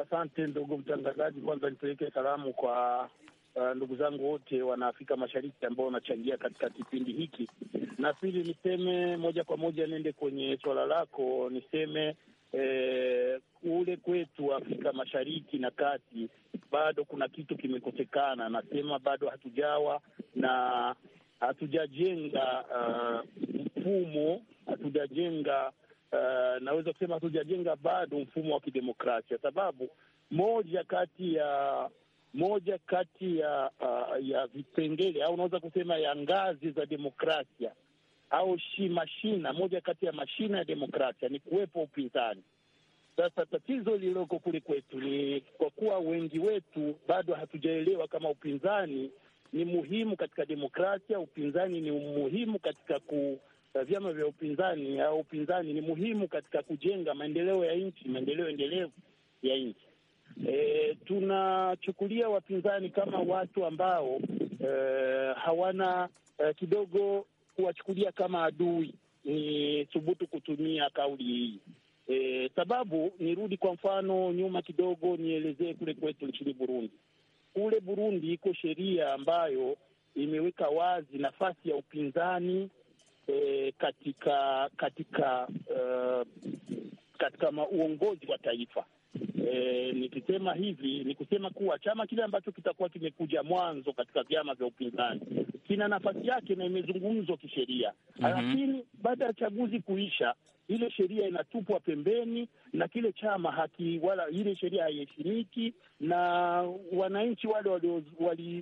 Asante ndugu mtangazaji, kwanza nipeleke salamu kwa uh, ndugu zangu wote wana Afrika Mashariki ambao wanachangia katika kipindi hiki. Na pili, niseme moja kwa moja, niende kwenye swala lako, niseme eh, ule kwetu Afrika Mashariki na Kati bado kuna kitu kimekosekana. Nasema bado hatujawa na hatujajenga uh, mfumo hatujajenga uh, naweza kusema hatujajenga bado mfumo wa kidemokrasia, sababu moja kati ya uh, moja kati ya uh, ya vipengele au unaweza kusema ya ngazi za demokrasia au shi mashina, moja kati ya mashina ya demokrasia ni kuwepo upinzani. Sasa tatizo lililoko kule kwetu ni kwa kuwa wengi wetu bado hatujaelewa kama upinzani ni muhimu katika demokrasia, upinzani ni muhimu katika ku uh, vyama vya upinzani au upinzani ni muhimu katika kujenga maendeleo ya nchi, maendeleo endelevu ya nchi e, tunachukulia wapinzani kama watu ambao e, hawana e, kidogo kuwachukulia kama adui. Ni thubutu kutumia kauli hii e, sababu nirudi kwa mfano nyuma kidogo nielezee kule kwetu nchini Burundi. Kule Burundi iko sheria ambayo imeweka wazi nafasi ya upinzani e, katika katika uh, katika uongozi wa taifa E, nikisema hivi ni kusema kuwa chama kile ambacho kitakuwa kimekuja mwanzo katika vyama vya upinzani kina nafasi yake na imezungumzwa kisheria, mhm. lakini mm -hmm. baada ya chaguzi kuisha ile sheria inatupwa pembeni na kile chama haki, wala ile sheria haiheshimiki na wananchi wale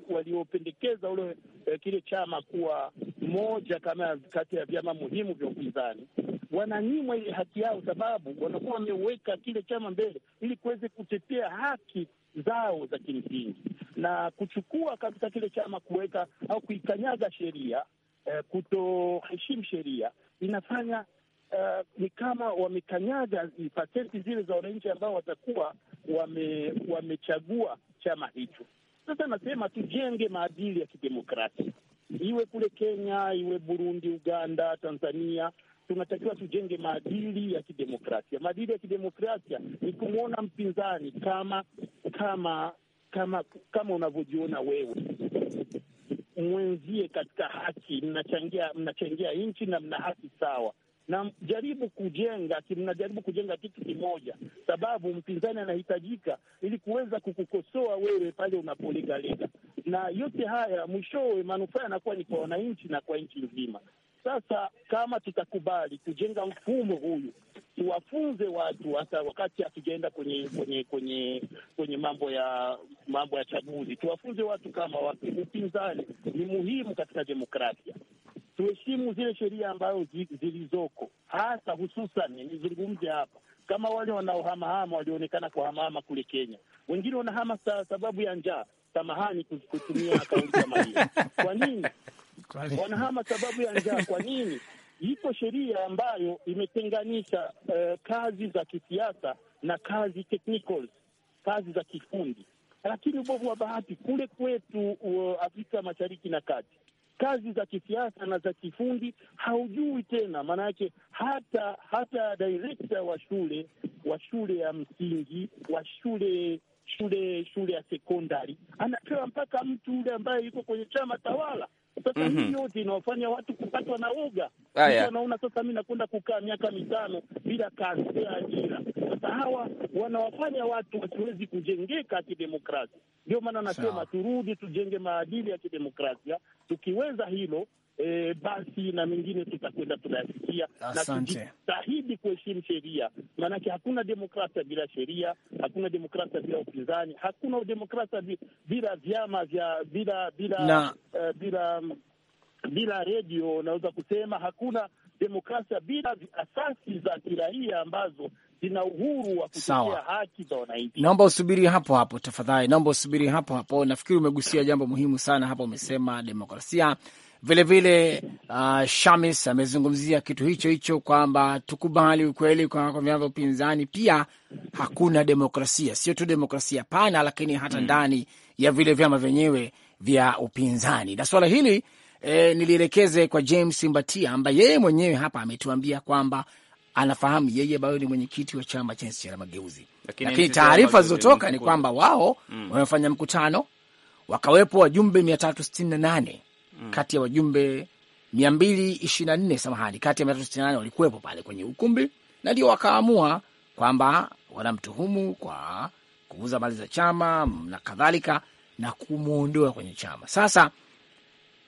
waliopendekeza wali, wali ule eh, kile chama kuwa moja kama kati ya vyama muhimu vya upinzani wananyimwa ile haki yao, sababu wanakuwa wameweka kile chama mbele ili kuweze kutetea haki zao za kimsingi, na kuchukua kabisa kile chama kuweka au kuikanyaga sheria eh, kutoheshimu sheria inafanya uh, ni kama wamekanyaga patenti zile za wananchi ambao watakuwa wame, wamechagua chama hicho. Sasa nasema tujenge maadili ya kidemokrasia, iwe kule Kenya, iwe Burundi, Uganda, Tanzania tunatakiwa tujenge maadili ya kidemokrasia. Maadili ya kidemokrasia ni kumwona mpinzani kama kama kama kama unavyojiona wewe mwenzie katika haki, mnachangia mnachangia nchi na mna haki sawa na jaribu kujenga mnajaribu kujenga kitu kimoja, sababu mpinzani anahitajika ili kuweza kukukosoa wewe pale unapolegalega, na yote haya mwishowe manufaa yanakuwa ni kwa wananchi na kwa nchi nzima. Sasa kama tutakubali kujenga mfumo huyu, tuwafunze watu hata wakati hatujaenda kwenye kwenye kwenye kwenye mambo ya mambo ya chaguzi, tuwafunze watu kama watu upinzani ni muhimu katika demokrasia tuheshimu zile sheria ambazo zilizoko, hasa hususan, nizungumze hapa kama wale wanaohamahama walioonekana kuhamahama kule Kenya, wengine wanahama sa, sababu ya njaa. Samahani kutumia kauli kama hiyo. Kwa nini wanahama? Sababu ya njaa. Kwa nini? Iko sheria ambayo imetenganisha uh, kazi za kisiasa na kazi technicals, kazi za kifundi. Lakini ubovu wa bahati kule kwetu uh, Afrika Mashariki na Kati kazi za kisiasa na za kifundi haujui tena. Maana yake hata hata direkta wa shule wa shule ya msingi wa shule shule shule ya sekondari anapewa mpaka mtu yule ambaye yuko kwenye chama tawala sasa mm -hmm. Hii yote inawafanya watu kupatwa na uga. Haya, ah, anaona sasa, mimi nakwenda kukaa miaka mitano bila kazi ya ajira. Sasa hawa wanawafanya watu wasiwezi kujengeka kidemokrasia. Ndio maana nasema turudi tujenge maadili ya kidemokrasia. Tukiweza hilo, e, basi na mengine tutakwenda tunayasikia na tujitahidi kuheshimu sheria, maanake hakuna demokrasia bila sheria, hakuna demokrasia bila upinzani, hakuna demokrasia bila vyama vya bila bila na, uh, bila bila redio, unaweza kusema hakuna demokrasia bila asasi za kiraia ambazo zina uhuru wa kutetea haki za wananchi. Naomba usubiri hapo hapo tafadhali, naomba usubiri hapo hapo. Nafikiri umegusia jambo muhimu sana hapa, umesema demokrasia Vilevile uh, Shamis amezungumzia kitu hicho hicho kwamba tukubali ukweli kwa vyama vya upinzani pia hakuna demokrasia, sio tu demokrasia pana, lakini hata mm. ndani ya vile vyama vyenyewe vya upinzani. Na swala hili eh, nilielekeze kwa James Mbatia ambaye yeye mwenyewe hapa ametuambia kwamba anafahamu yeye bado ni mwenyekiti wa chama cha NCCR Mageuzi, lakini taarifa zilizotoka ni kwamba wao mm. wamefanya mkutano, wakawepo wajumbe mia tatu sitini na nane Mm. kati ya wajumbe mia mbili na nne samahani, kati ya mia tatu sitini nane walikuwepo pale kwenye ukumbi, na ndio wakaamua kwamba wanamtuhumu kwa kuuza mali za chama na kadhalika na kumwondoa kwenye chama. Sasa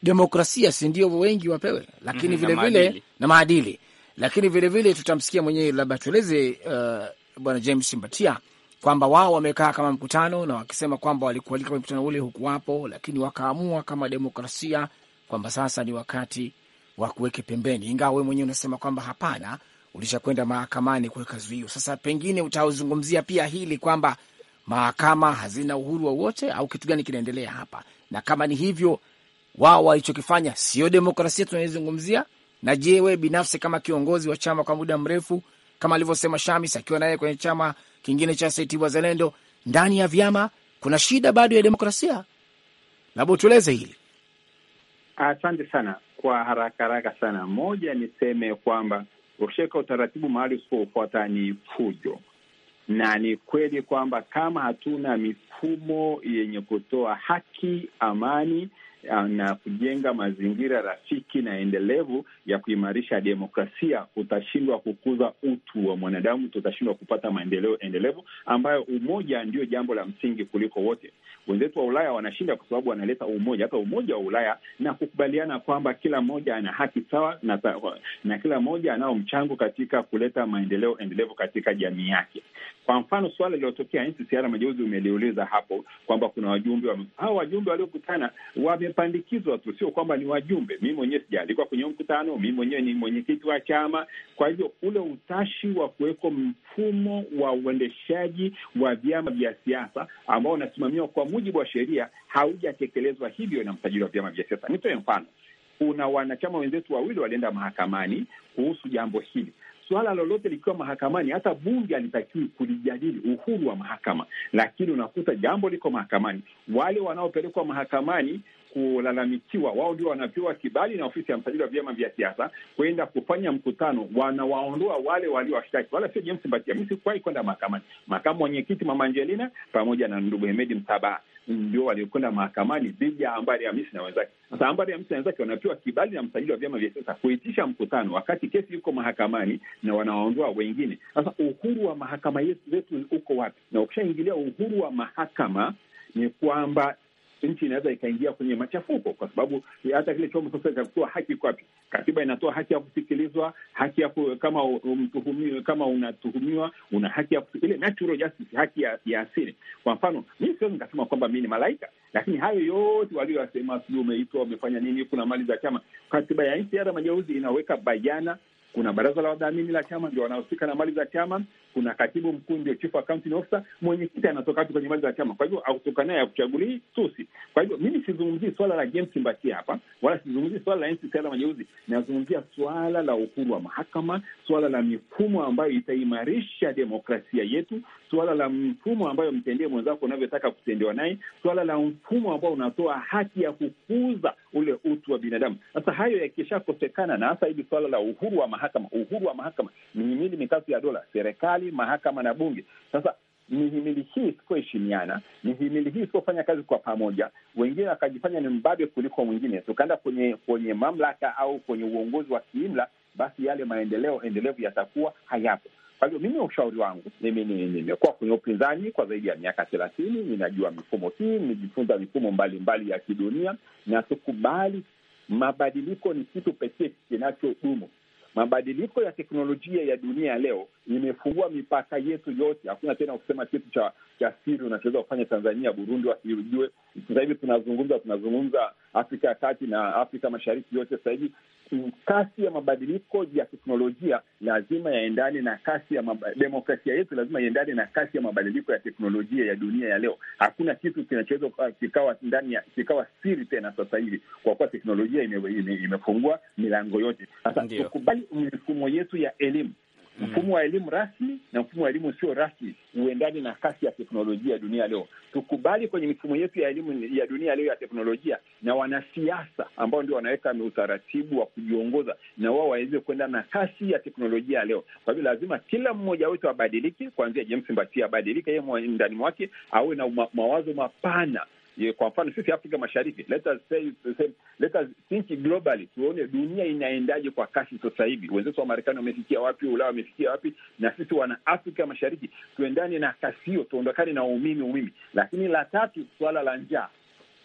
demokrasia, si ndio wengi wapewe, lakini vilevile mm -hmm, vile, na maadili, lakini vilevile tutamsikia mwenyewe, labda tueleze uh, Bwana James Mbatia kwamba wao wamekaa kama mkutano na wakisema kwamba walikualika kwenye mkutano ule hukuwapo, lakini wakaamua kama demokrasia kwamba sasa ni wakati wa kuweke pembeni, ingawa wewe mwenyewe unasema kwamba hapana, ulishakwenda mahakamani kuweka zuio. Sasa pengine utazungumzia pia hili kwamba mahakama hazina uhuru wowote au kitu gani kinaendelea hapa, na kama ni hivyo wao walichokifanya sio demokrasia tunaizungumzia. Na je, wewe binafsi kama kiongozi wa chama kwa muda mrefu, kama alivyosema Shamis akiwa naye kwenye chama kingine cha ACT Wazalendo ndani ya vyama kuna shida bado ya demokrasia? Labda utueleze hili. Asante sana kwa haraka haraka sana. Moja, niseme kwamba ukishaweka utaratibu mahali usipoufuata ni fujo, na ni kweli kwamba kama hatuna mifumo yenye kutoa haki, amani Uh, na kujenga mazingira rafiki na endelevu ya kuimarisha demokrasia, tutashindwa kukuza utu wa mwanadamu, tutashindwa kupata maendeleo endelevu ambayo umoja ndio jambo la msingi kuliko wote. Wenzetu wa Ulaya wanashinda kwa sababu wanaleta umoja, hata umoja wa Ulaya na kukubaliana kwamba kila mmoja ana haki sawa na, na kila mmoja anao mchango katika kuleta maendeleo endelevu katika jamii yake. Kwa mfano suala lililotokea NCCR majuzi umeliuliza hapo kwamba kuna wajumbe hao, wajumbe waliokutana wame wamepandikizwa tu, sio kwamba ni wajumbe. Mi mwenyewe sijaalikwa kwenye mkutano, mi mwenyewe ni mwenyekiti wa chama. Kwa hivyo ule utashi wa kuweko mfumo wa uendeshaji wa vyama vya siasa ambao unasimamiwa kwa mujibu wa sheria haujatekelezwa hivyo na msajili wa vyama vya siasa. Nitoe mfano, kuna wanachama wenzetu wawili walienda mahakamani kuhusu jambo hili suala lolote likiwa mahakamani, hata bunge alitakiwi kulijadili, uhuru wa mahakama. Lakini unakuta jambo liko mahakamani, wale wanaopelekwa mahakamani kulalamikiwa, wao ndio wanapewa kibali na ofisi ya msajili wa vyama vya siasa kwenda kufanya mkutano, wanawaondoa wale waliowashtaki, wala sio James Mbatia. Mi sikuwahi kwenda mahakamani. Makamu mwenyekiti Mama Angelina pamoja na ndugu Hemedi Msaba ndio waliokwenda mahakamani dhidi ya Ambari Hamisi na wenzake. Sasa Ambari Hamisi na wenzake wanapewa kibali na msajili wa vyama vya siasa kuitisha mkutano wakati kesi yuko mahakamani na wanawaondoa wengine. Sasa uhuru wa mahakama zetu uko wapi? Na ukishaingilia uhuru wa mahakama ni kwamba nchi inaweza ikaingia kwenye machafuko, kwa sababu hata kile chombo sasa cha kutoa haki kwapi, katiba inatoa haki ya kusikilizwa, haki ya ku, kama mtuhumiwa, kama unatuhumiwa una haki ya ile natural justice, haki ya, ya asili. Kwa mfano mi siwezi nikasema kwamba mi ni malaika, lakini hayo yote walioyasema, sijui umeitwa umefanya nini, kuna mali za chama. Katiba ya nchi ya mageuzi inaweka bayana kuna baraza la wadhamini la chama ndio wanahusika na mali za chama kuna katibu mkuu ndio chief accounting officer, mwenyekiti anatoka tu kwenye mali za chama. Kwa hivyo akutoka naye akuchagulii susi. Kwa hivyo mimi sizungumzii swala la James Mbatia hapa, wala sizungumzii swala la NCCR na Mageuzi, nazungumzia swala la uhuru wa mahakama, swala la mifumo ambayo itaimarisha demokrasia yetu, swala la mfumo ambayo mtendee mwenzako unavyotaka kutendewa naye, swala la mfumo ambao unatoa haki ya kukuza ule utu wa binadamu. Sasa hayo yakishakosekana, na hasa hivi swala la uhuru wa mahakama, uhuru wa mahakama ni mihimili mikasi ya dola serikali serikali, mahakama na bunge. Sasa mihimili hii sikuheshimiana mihimili hii isipofanya kazi kwa pamoja, wengine wakajifanya ni mbabe kuliko mwingine, tukaenda kwenye kwenye mamlaka au kwenye uongozi wa kiimla, basi yale maendeleo endelevu yatakuwa hayapo. Kwa hivyo mimi, ushauri wangu, mimi nimekuwa kwenye upinzani kwa zaidi ya miaka thelathini. Ninajua mifumo hii, nimejifunza mifumo mbalimbali mbali ya kidunia, na tukubali mabadiliko ni kitu pekee kinachodumu. Mabadiliko ya teknolojia ya dunia leo imefungua mipaka yetu yote. Hakuna tena kusema kitu cha cha siri unachoweza kufanya Tanzania, Burundi wasijue. Sasa hivi tunazungumza tunazungumza Afrika ya kati na Afrika mashariki yote, sasa hivi kasi ya mabadiliko ya teknolojia lazima yaendane na kasi ya mab... demokrasia yetu lazima iendane na kasi ya mabadiliko ya teknolojia ya dunia ya leo. Hakuna kitu kinachoweza kikawa ndani ya kikawa siri tena sasa hivi, kwa kuwa teknolojia ime, ime, imefungua milango yote. Sasa tukubali mifumo yetu ya elimu mfumo wa elimu rasmi na mfumo wa elimu usio rasmi uendane na kasi ya teknolojia ya dunia leo. Tukubali kwenye mifumo yetu ya elimu ya dunia leo ya teknolojia, na wanasiasa ambao ndio wanaweka utaratibu wa kujiongoza, na wao waweze kuenda na kasi ya teknolojia leo. Kwa hivyo lazima kila mmoja wetu abadilike, kuanzia James Mbatia abadilike yeye ndani mwake, awe na mawazo mapana ye, kwa mfano sisi Afrika Mashariki, let us say, let us think globally, tuone dunia inaendaje kwa kasi sasa hivi. Wenzetu wa Marekani wamefikia wapi? Ulaya wamefikia wapi? Na sisi wana Afrika Mashariki tuendane na kasi hiyo, tuondokane na umimi umimi. Lakini la tatu, suala la njaa,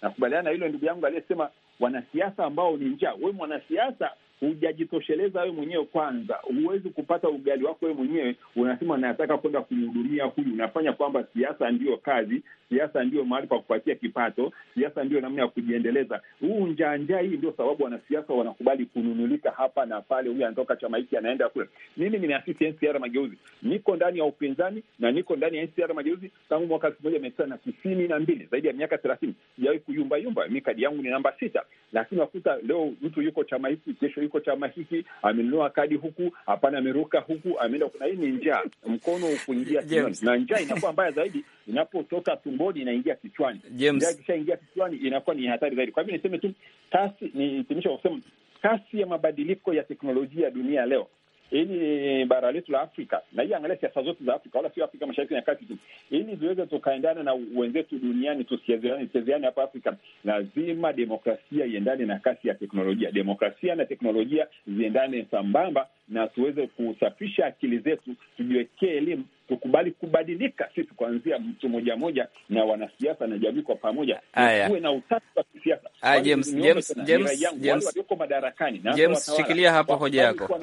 nakubaliana na hilo ndugu yangu aliyesema wanasiasa ambao ni njaa. We mwanasiasa hujajitosheleza wewe mwenyewe kwanza. Huwezi kupata ugali wako wewe mwenyewe, unasema nataka kwenda kumhudumia huyu. Unafanya kwamba siasa ndiyo kazi, siasa ndiyo mahali pa kupatia kipato, siasa ndiyo namna ya kujiendeleza. Huu njaanjaa hii ndio sababu wanasiasa wanakubali kununulika hapa na pale, huyu anatoka chama hiki anaenda kule. Mimi nimeasisi NCR Mageuzi, niko ndani ya upinzani na niko ndani ya NCR Mageuzi tangu mwaka elfu moja mia tisa na tisini na mbili, zaidi ya miaka thelathini. Sijawahi kuyumbayumba, mi kadi yangu ni namba sita, lakini wakuta leo mtu yuko chama hiki, kesho kifuniko chama hiki, amenunua kadi huku, hapana, ameruka huku, ameenda kuna. Hii ni njaa, mkono kuingia kinywani, na njaa inakuwa mbaya zaidi inapotoka tumboni inaingia kichwani. Njaa ikishaingia kichwani inakuwa ni hatari zaidi. Kwa hivyo niseme tu kasi, nihitimisha kusema kasi ya mabadiliko ya teknolojia ya dunia leo hii ni bara letu la Afrika, na hii angalia siasa zote za Afrika, wala sio Afrika mashariki na kati tu, ili ziweze tukaendana na wenzetu duniani, tusichezeane hapa Afrika. Lazima demokrasia iendane na kasi ya teknolojia, demokrasia na teknolojia ziendane sambamba na tuweze kusafisha akili zetu, tujiwekee elimu, tukubali kubadilika sisi, kuanzia mtu moja moja na wanasiasa na jamii kwa pamoja, tuwe na utatu wa kisiasa. James, James, James, walioko madarakani na James, shikilia hapo hoja yako,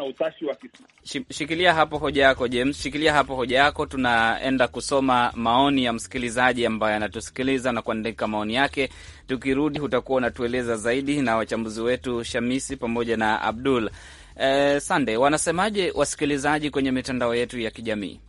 shikilia hapo hoja yako James, shikilia hapo hoja yako. Tunaenda kusoma maoni ya msikilizaji ambaye anatusikiliza na kuandika maoni yake. Tukirudi utakuwa unatueleza zaidi, na wachambuzi wetu Shamisi pamoja na Abdul Eh, Sande, wanasemaje wasikilizaji kwenye mitandao yetu ya kijamii?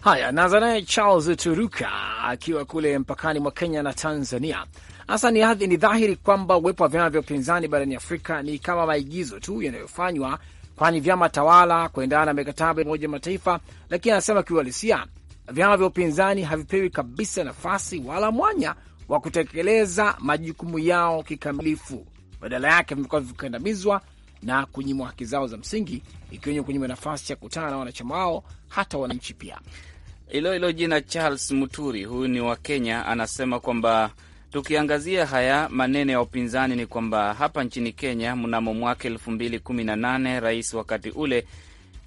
Haya, naanza naye Charles Turuka akiwa kule mpakani mwa Kenya na Tanzania. Hasa ni hadhi, ni dhahiri kwamba uwepo wa vyama vya upinzani barani Afrika ni kama maigizo tu yanayofanywa, kwani vyama tawala kuendana na mikataba ya Umoja Mataifa, lakini anasema kiuhalisia vyama vya upinzani havipewi kabisa nafasi wala mwanya wa kutekeleza majukumu yao kikamilifu, badala yake vimekuwa vikikandamizwa na kunyimwa haki zao za msingi, ikiwenye kunyimwa nafasi ya kutana na wanachama wao, hata wananchi pia. Hilo hilo jina Charles Muturi, huyu ni wa Kenya, anasema kwamba tukiangazia haya maneno ya upinzani ni kwamba hapa nchini Kenya mnamo mwaka elfu mbili kumi na nane rais wakati ule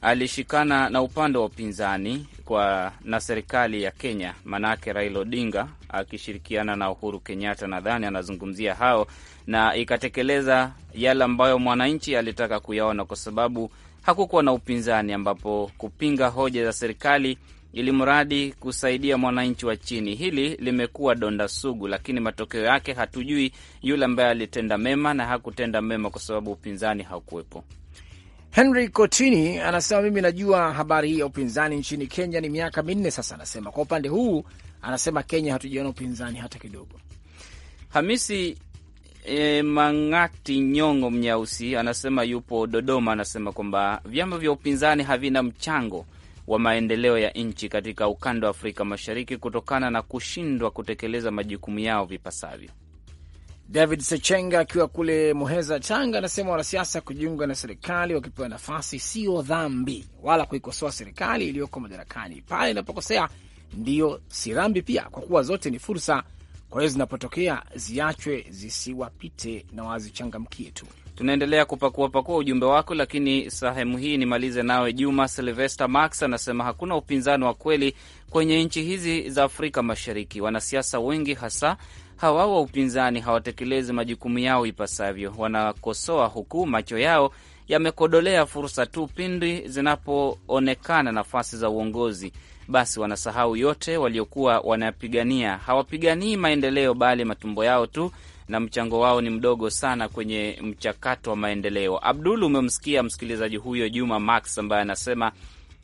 alishikana na upande wa upinzani kwa na serikali ya Kenya, manake Raila Odinga akishirikiana na Uhuru Kenyatta, nadhani anazungumzia hao na ikatekeleza yale ambayo mwananchi alitaka kuyaona, kwa sababu hakukuwa na upinzani ambapo kupinga hoja za serikali ili mradi kusaidia mwananchi wa chini. Hili limekuwa donda sugu, lakini matokeo yake hatujui yule ambaye alitenda mema na hakutenda mema, kwa sababu upinzani haukuwepo. Henry Kotini anasema mimi najua habari hii ya upinzani nchini Kenya ni miaka minne sasa. Anasema kwa upande huu, anasema Kenya hatujaona upinzani hata kidogo. Hamisi e, Mang'ati Nyong'o Mnyausi anasema yupo Dodoma, anasema kwamba vyama vya upinzani havina mchango wa maendeleo ya nchi katika ukanda wa Afrika Mashariki kutokana na kushindwa kutekeleza majukumu yao vipasavyo. David Sechenga akiwa kule Muheza, Tanga, anasema wanasiasa kujiunga na serikali wakipewa nafasi sio dhambi, wala kuikosoa serikali iliyoko madarakani pale inapokosea ndiyo si dhambi pia, kwa kuwa zote ni fursa kwa hiyo zinapotokea ziachwe, zisiwapite na wazichangamkie tu. Tunaendelea pakua ujumbe wako, lakini sehemu hii nimalize nawe. Juma Silvester Max anasema hakuna upinzani wa kweli kwenye nchi hizi za Afrika Mashariki. Wanasiasa wengi hasa hawa wa upinzani hawatekelezi majukumu yao ipasavyo, wanakosoa huku macho yao yamekodolea fursa tu pindi zinapoonekana nafasi za uongozi basi wanasahau yote waliokuwa wanapigania. Hawapiganii maendeleo, bali matumbo yao tu, na mchango wao ni mdogo sana kwenye mchakato wa maendeleo. Abdul, umemsikia msikilizaji huyo Juma Max ambaye anasema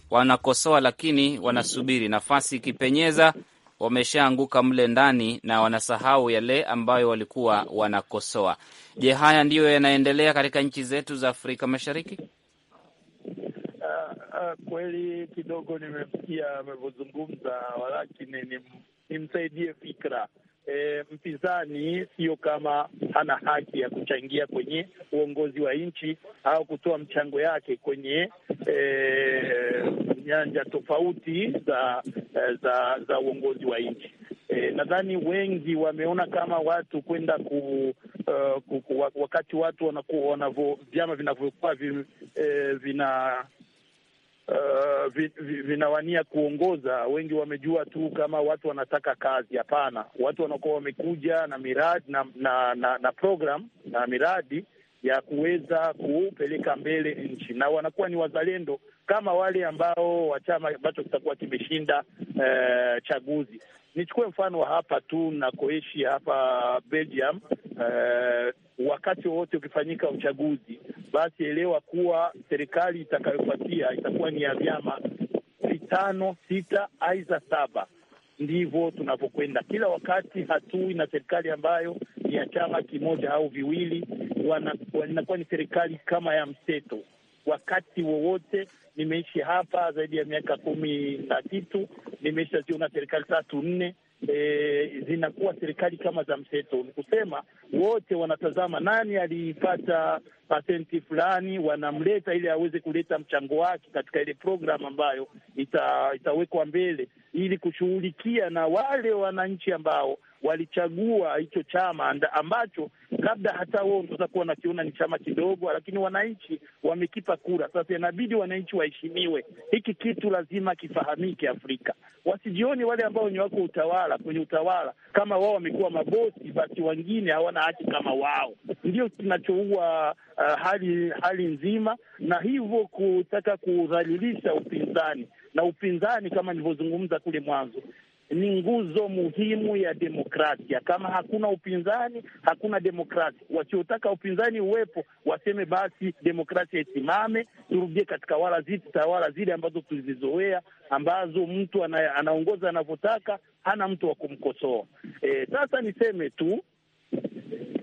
wanakosoa, lakini wanasubiri nafasi ikipenyeza wameshaanguka mle ndani na wanasahau yale ambayo walikuwa wanakosoa. Je, haya ndiyo yanaendelea katika nchi zetu za Afrika Mashariki? Uh, kweli kidogo nimemsikia amevyozungumza, walakini nimsaidie fikra E, mpinzani sio kama hana haki ya kuchangia kwenye uongozi wa nchi au kutoa mchango yake kwenye e, nyanja tofauti za e, za za uongozi wa nchi. E, nadhani wengi wameona kama watu kwenda ku, uh, ku, ku wakati watu wanakuwa wanavyo vyama vinavyokuwa e, vina uh, vinawania kuongoza. Wengi wamejua tu kama watu wanataka kazi. Hapana, watu wanakuwa wamekuja na miradi na, na, na, na program na miradi ya kuweza kupeleka mbele nchi na wanakuwa ni wazalendo kama wale ambao wa chama ambacho kitakuwa kimeshinda eh, chaguzi. Nichukue mfano wa hapa tu nakoishi hapa Belgium. Eh, wakati wowote ukifanyika uchaguzi, basi elewa kuwa serikali itakayofuatia itakuwa ni ya vyama vitano sita, aidha saba. Ndivyo tunavyokwenda kila wakati, hatui na serikali ambayo ni ya chama kimoja au viwili, inakuwa ni serikali kama ya mseto wakati wowote. Nimeishi hapa zaidi ya miaka kumi na tatu, nimeshaziona serikali tatu nne. E, zinakuwa serikali kama za mseto, ni kusema wote wanatazama nani aliipata pasenti fulani, wanamleta ili aweze kuleta mchango wake katika ile programu ambayo ita, itawekwa mbele ili kushughulikia na wale wananchi ambao walichagua hicho chama ambacho labda hata wao unaweza kuwa nakiona ni chama kidogo, lakini wananchi wamekipa kura. Sasa inabidi wananchi waheshimiwe. Hiki kitu lazima kifahamike Afrika, wasijioni wale ambao ni wako utawala kwenye utawala kama wao wamekuwa mabosi, basi wengine hawana haki kama wao. Ndio kinachoua uh, hali hali nzima, na hivyo kutaka kudhalilisha upinzani na upinzani, kama nilivyozungumza kule mwanzo, ni nguzo muhimu ya demokrasia. Kama hakuna upinzani, hakuna demokrasia. Wasiotaka upinzani uwepo waseme basi demokrasia isimame, turudie katika wala ziti tawala zile ambazo tulizizoea, ambazo mtu ana, anaongoza anavyotaka, hana mtu wa kumkosoa. E, sasa niseme tu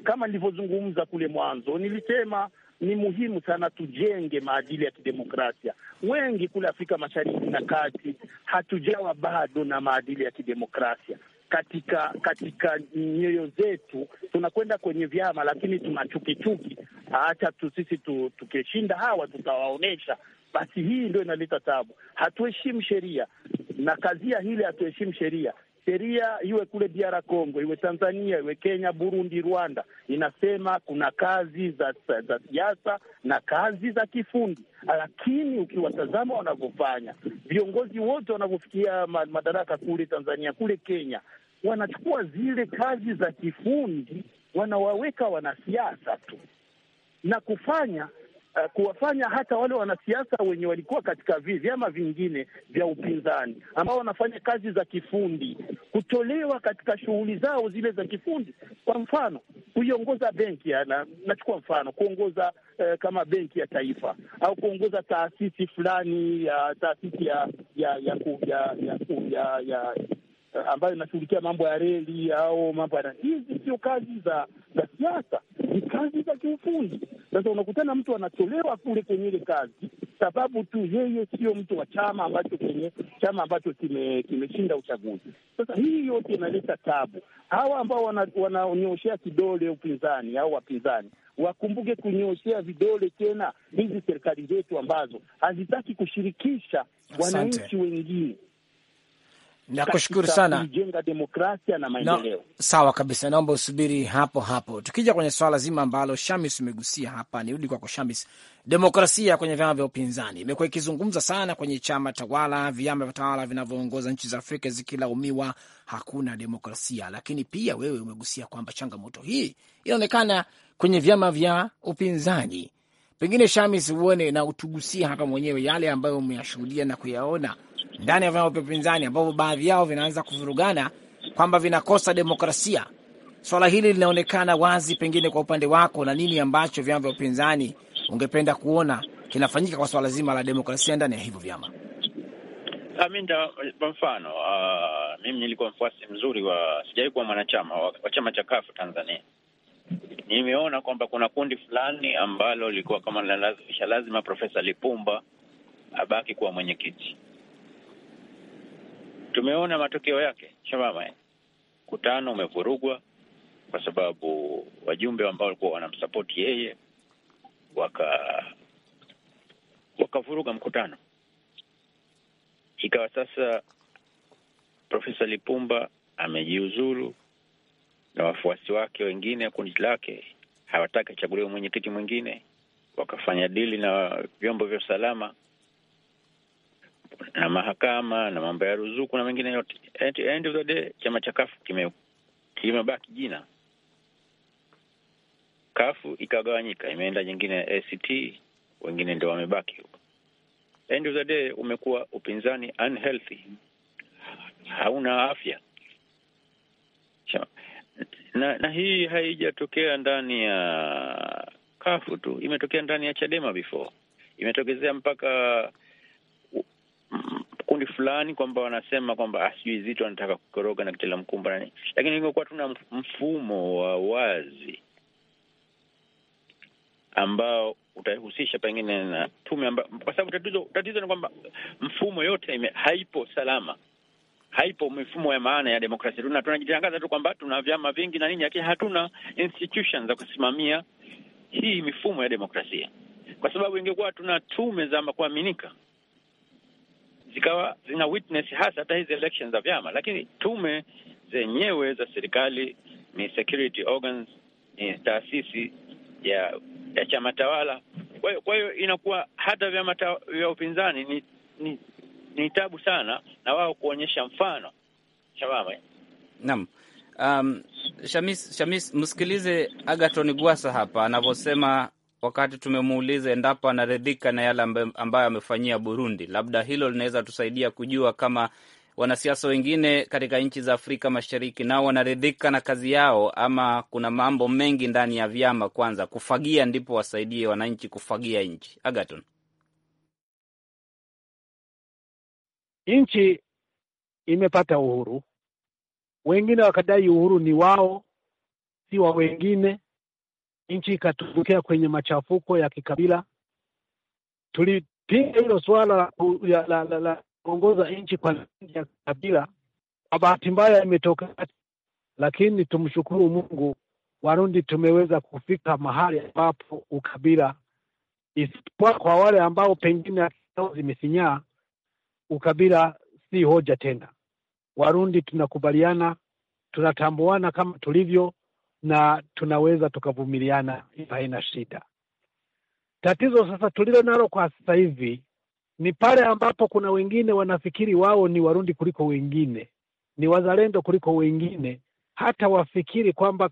kama nilivyozungumza kule mwanzo, nilisema ni muhimu sana tujenge maadili ya kidemokrasia. Wengi kule Afrika Mashariki na Kati hatujawa bado na maadili ya kidemokrasia katika katika nyoyo zetu. Tunakwenda kwenye vyama, lakini tuna chukichuki, hata tu sisi tukishinda hawa tutawaonyesha. Basi hii ndio inaleta tabu, hatuheshimu sheria na kazia hili, hatuheshimu sheria sheria iwe kule DR Congo, iwe Tanzania, iwe Kenya, Burundi, Rwanda, inasema kuna kazi za za siasa na kazi za kifundi. Lakini ukiwatazama wanavyofanya viongozi wote wanavyofikia madaraka kule Tanzania, kule Kenya, wanachukua zile kazi za kifundi wanawaweka wanasiasa tu na kufanya uh, kuwafanya hata wale wanasiasa wenye walikuwa katika vyama vingine vya upinzani ambao wanafanya kazi za kifundi kutolewa katika shughuli zao zile za kifundi. Kwa mfano kuiongoza benki na, nachukua mfano kuongoza uh, kama benki ya taifa au kuongoza taasisi fulani ya taasisi ya ya ya ya, ya, ya, ya uh, ambayo inashughulikia mambo ya reli au mambo ya hizi. Sio kazi za za siasa, ni kazi za kiufundi. Sasa unakutana mtu anatolewa kule kwenye ile kazi, sababu tu yeye sio mtu wa chama ambacho kwenye chama ambacho kimeshinda uchaguzi. Sasa hii yote inaleta tabu. Hawa ambao wanaonyoshea wana kidole upinzani au wapinzani wakumbuke kunyoshea vidole tena hizi serikali zetu ambazo hazitaki kushirikisha wananchi wengine nakushukuru sana kujenga demokrasia na maendeleo. na, sawa kabisa, naomba usubiri hapo hapo. Tukija kwenye swala zima ambalo Shamis umegusia hapa, nirudi kwako Shamis. Demokrasia kwenye vyama vya upinzani imekuwa ikizungumza sana kwenye chama tawala, vyama vya tawala vinavyoongoza nchi za Afrika zikilaumiwa hakuna demokrasia, lakini pia wewe umegusia kwamba changamoto hii inaonekana kwenye vyama vya upinzani. Pengine Shamis, uone na utugusie hapa mwenyewe yale ambayo umeyashuhudia na kuyaona ndani ya vyama vya upinzani ambavyo baadhi yao vinaanza kuvurugana kwamba vinakosa demokrasia. Swala hili linaonekana wazi, pengine kwa upande wako, na nini ambacho vyama vya upinzani ungependa kuona kinafanyika kwa swala zima la demokrasia ndani ya hivyo vyama? Kwa mfano uh, mimi nilikuwa mfuasi mzuri wa, sijawahi kuwa mwanachama wa, wa chama cha kafu Tanzania. Nimeona kwamba kuna kundi fulani ambalo lilikuwa kama linalazimisha lazima Profesa Lipumba abaki kuwa mwenyekiti Tumeona matokeo yake shababa. Mkutano umevurugwa kwa sababu wajumbe ambao walikuwa wanamsapoti yeye waka wakavuruga mkutano, ikawa sasa Profesa Lipumba amejiuzulu na wafuasi wake wengine, kundi lake hawataki achaguliwe mwenyekiti mwingine, wakafanya dili na vyombo vya usalama na mahakama na mambo ya ruzuku na mengine yote. At end of the day, chama cha kafu kime kimebaki jina kafu, ikagawanyika imeenda nyingine ya ACT, wengine ndio wamebaki huko. End of the day umekuwa upinzani unhealthy, hauna afya na, na hii haijatokea ndani ya kafu tu, imetokea ndani ya Chadema before, imetokezea mpaka kundi fulani kwamba wanasema kwamba ah, sijui Zito anataka kukoroga na kitela mkumba nani, lakini ingekuwa tuna mfumo wa wazi ambao utahusisha pengine na tume amba, kwa sababu tatizo tatizo ni kwamba mfumo yote ime, haipo salama, haipo mifumo ya maana ya demokrasia. Tuna tunajitangaza tu kwamba tuna vyama vingi na nini, lakini hatuna institutions za kusimamia hii mifumo ya demokrasia, kwa sababu ingekuwa tuna tume za kuaminika zikawa zina witness hasa hata hizi elections za vyama, lakini tume zenyewe za serikali ni security organs, ni taasisi ya ya chama tawala. Kwa hiyo inakuwa hata vyama vya upinzani ni, ni ni tabu sana na wao kuonyesha mfano shababa. Naam. Um, Shamis, Shamis, msikilize Agaton Gwasa hapa anavyosema wakati tumemuuliza endapo anaridhika na yale ambayo amefanyia Burundi. Labda hilo linaweza tusaidia kujua kama wanasiasa wengine katika nchi za Afrika Mashariki nao wanaridhika na kazi yao, ama kuna mambo mengi ndani ya vyama kwanza kufagia, ndipo wasaidie wananchi kufagia nchi. Agaton, nchi imepata uhuru, wengine wakadai uhuru ni wao, si wa wengine nchi ikatumbukia kwenye machafuko ya kikabila. Tulipinga hilo suala la kuongoza nchi kwa misingi ya kikabila. Kwa bahati mbaya imetokea, lakini tumshukuru Mungu, Warundi tumeweza kufika mahali ambapo ukabila, isipokuwa kwa wale ambao pengine akiao zimesinyaa, ukabila si hoja tena. Warundi tunakubaliana, tunatambuana kama tulivyo na tunaweza tukavumiliana, haina shida. Tatizo sasa tulilo nalo kwa sasa hivi ni pale ambapo kuna wengine wanafikiri wao ni Warundi kuliko wengine, ni wazalendo kuliko wengine, hata wafikiri kwamba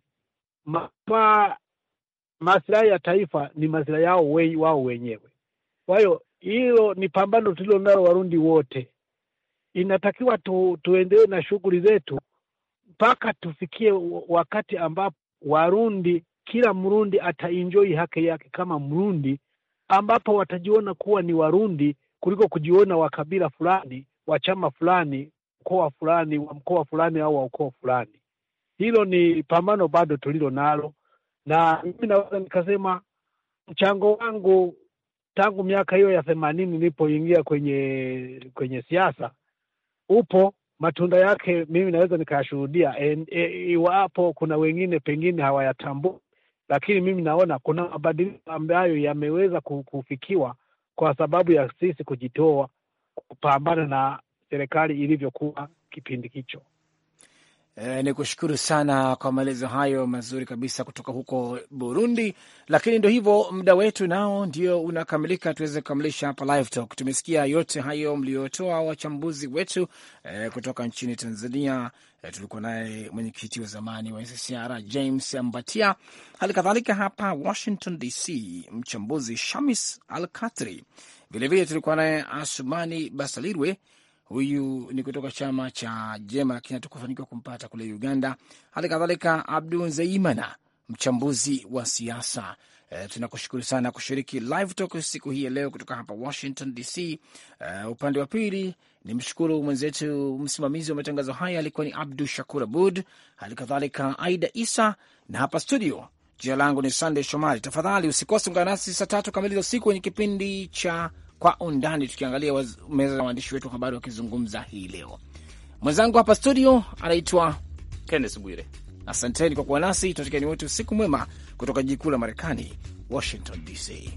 maslahi ya taifa ni masilahi yao we, wao wenyewe. Kwa hiyo hilo ni pambano tulilo nalo Warundi wote. Inatakiwa tu, tuendelee na shughuli zetu mpaka tufikie wakati ambapo Warundi, kila Mrundi ataenjoy haki yake kama Mrundi, ambapo watajiona kuwa ni Warundi kuliko kujiona wa kabila fulani, wa chama fulani, mkoa fulani, wa mkoa fulani au wa ukoo fulani. Hilo ni pambano bado tulilo nalo, na mimi naweza nikasema mchango wangu tangu miaka hiyo ya themanini nilipoingia kwenye kwenye siasa upo matunda yake mimi naweza nikayashuhudia, e, e, iwapo kuna wengine pengine hawayatambui, lakini mimi naona kuna mabadiliko ambayo yameweza kufikiwa kwa sababu ya sisi kujitoa kupambana na serikali ilivyokuwa kipindi hicho. E, eh, ni kushukuru sana kwa maelezo hayo mazuri kabisa kutoka huko Burundi. Lakini ndo hivyo, muda wetu nao ndio unakamilika, tuweze kukamilisha hapa live talk. Tumesikia yote hayo mliotoa wachambuzi wetu e, kutoka nchini Tanzania. E, tulikuwa naye mwenyekiti wa zamani wa SSR James Ambatia, hali kadhalika hapa Washington DC mchambuzi Shamis Al Katri, vilevile tulikuwa naye Asumani Basalirwe Huyu ni kutoka chama cha Jema, lakini hatukufanikiwa kumpata kule Uganda. Hali kadhalika Abdul Zeimana, mchambuzi wa siasa e, tunakushukuru sana kushiriki live talk siku hii ya leo kutoka hapa Washington DC. E, upande wa pili ni mshukuru mwenzetu, msimamizi wa matangazo haya alikuwa ni Abdu Shakur Abud, hali kadhalika Aida Isa na hapa studio Jina langu ni Sandey Shomari. Tafadhali usikose, ungana nasi saa tatu kamili za usiku kwenye kipindi cha kwa undani, tukiangalia meza na waandishi wetu wa habari wakizungumza hii leo. Mwenzangu hapa studio anaitwa Kenneth Bwire. Asanteni kwa kuwa nasi, tunatakieni wote usiku mwema kutoka jiji kuu la Marekani, Washington DC.